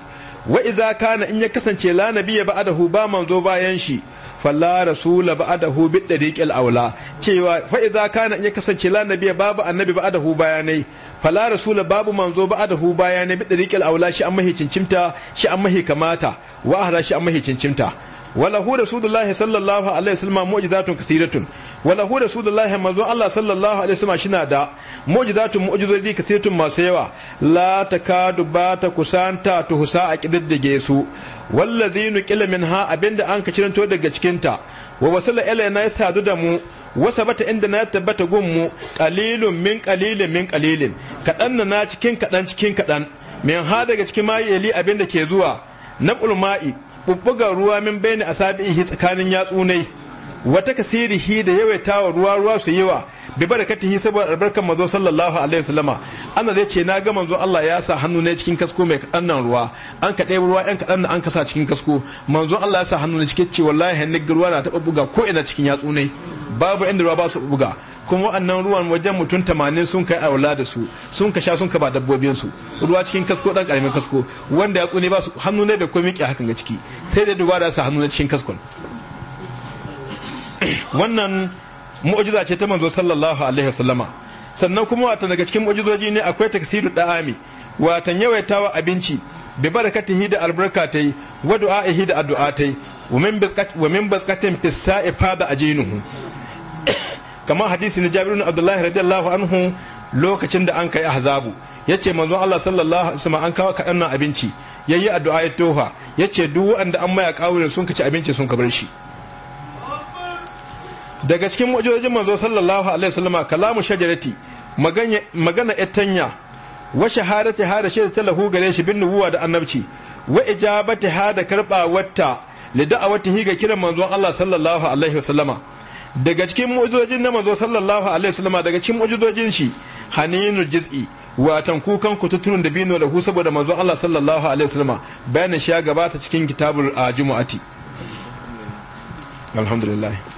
wa iza kana in ya kasance la nabiya nabiyya ba'dahu ba manzo bayan shi falla rasula ba'dahu bid dariqil aula cewa fa iza kana in ya kasance la nabiya babu annabi ba ba'dahu bayanai falla rasula babu manzo ba ba'dahu bayanai bid dariqil aula shi an mahi cincimta shi an mahi kamata wa ahra shi an mahi cincimta walahu rasulullahi sallallahu alaihi wasallam mu'jizatun kasiratun walahu rasulullahi manzo Allah sallallahu alaihi wasallam shina da mu'jizatun mu'jizoji kasiratun masu yawa la takadu ba ta kusanta tuhusa a kididdige su wallazinu qila minha abinda an ka ciranto daga cikin ta wa wasala ilaina ya sadu da mu wasa ta inda na tabbata mu. qalilun min qalilin min qalilin kadan na cikin kadan cikin kadan min ha daga cikin ma yali abinda ke zuwa na kulma'i. bubbuga ruwa min in hi tsakanin yatsunai wata kasiri hi da yawaitawa ruwa ruwa su yawa bi hi saboda albarkan manzo sallallahu alaihi wasallama Allah zai ce na ga manzo Allah ya sa hannu ne cikin kasko mai kadannan ruwa an ka dai ruwa yan kadannan nan an kasa cikin kasko manzo Allah ya sa hannu ne cikin ce wallahi hannun ruwa na taɓa buga ko ina cikin yatsunai babu inda ruwa ba su buga kuma waɗannan ruwan wajen mutum tamanin sun kai aula da su sun ka sha sun ka ba dabbobin su ruwa cikin kasko dan karamin kasko wanda ya tsune ba su hannu ne bai komi ki hakan ga ciki sai dai da sa hannu na cikin kaskon [coughs] wannan mu'jiza ce ta manzo sallallahu alaihi wasallama sannan kuma wata daga cikin mu'jizoji ne akwai taksiru da'ami wata yawaitawa abinci bi barakatihi da albarka ta yi wa du'a'ihi da addu'a ta yi wa min baskatin fisa'i fada ajinuhu [coughs] kamar hadisi na jabiru ibn Abdullah radiyallahu anhu lokacin da an kai ahzabu yace manzon Allah sallallahu alaihi wasallam an kawo ka nan abinci yayi addu'a ya tofa yace duk wanda an maya kawurin sun kaci abinci sun bar shi daga cikin mu'jizojin manzo sallallahu alaihi wasallam kalamu shajarati magana magana etanya wa shahadati hada ta talahu gare shi bin nubuwa da annabci wa ijabati hada karba wata li da'awatihi ga kiran manzon Allah sallallahu alaihi wasallama daga cikin mu'ujizojin na manzo sallallahu alaihi wasallam daga cikin mu'ujizojin shi haninul jiz'i watan kukan kututturun da bino da hu saboda manzo Allah sallallahu alaihi wasallam bayanin shi ya gabata cikin kitabul ah, jumu'ati alhamdulillah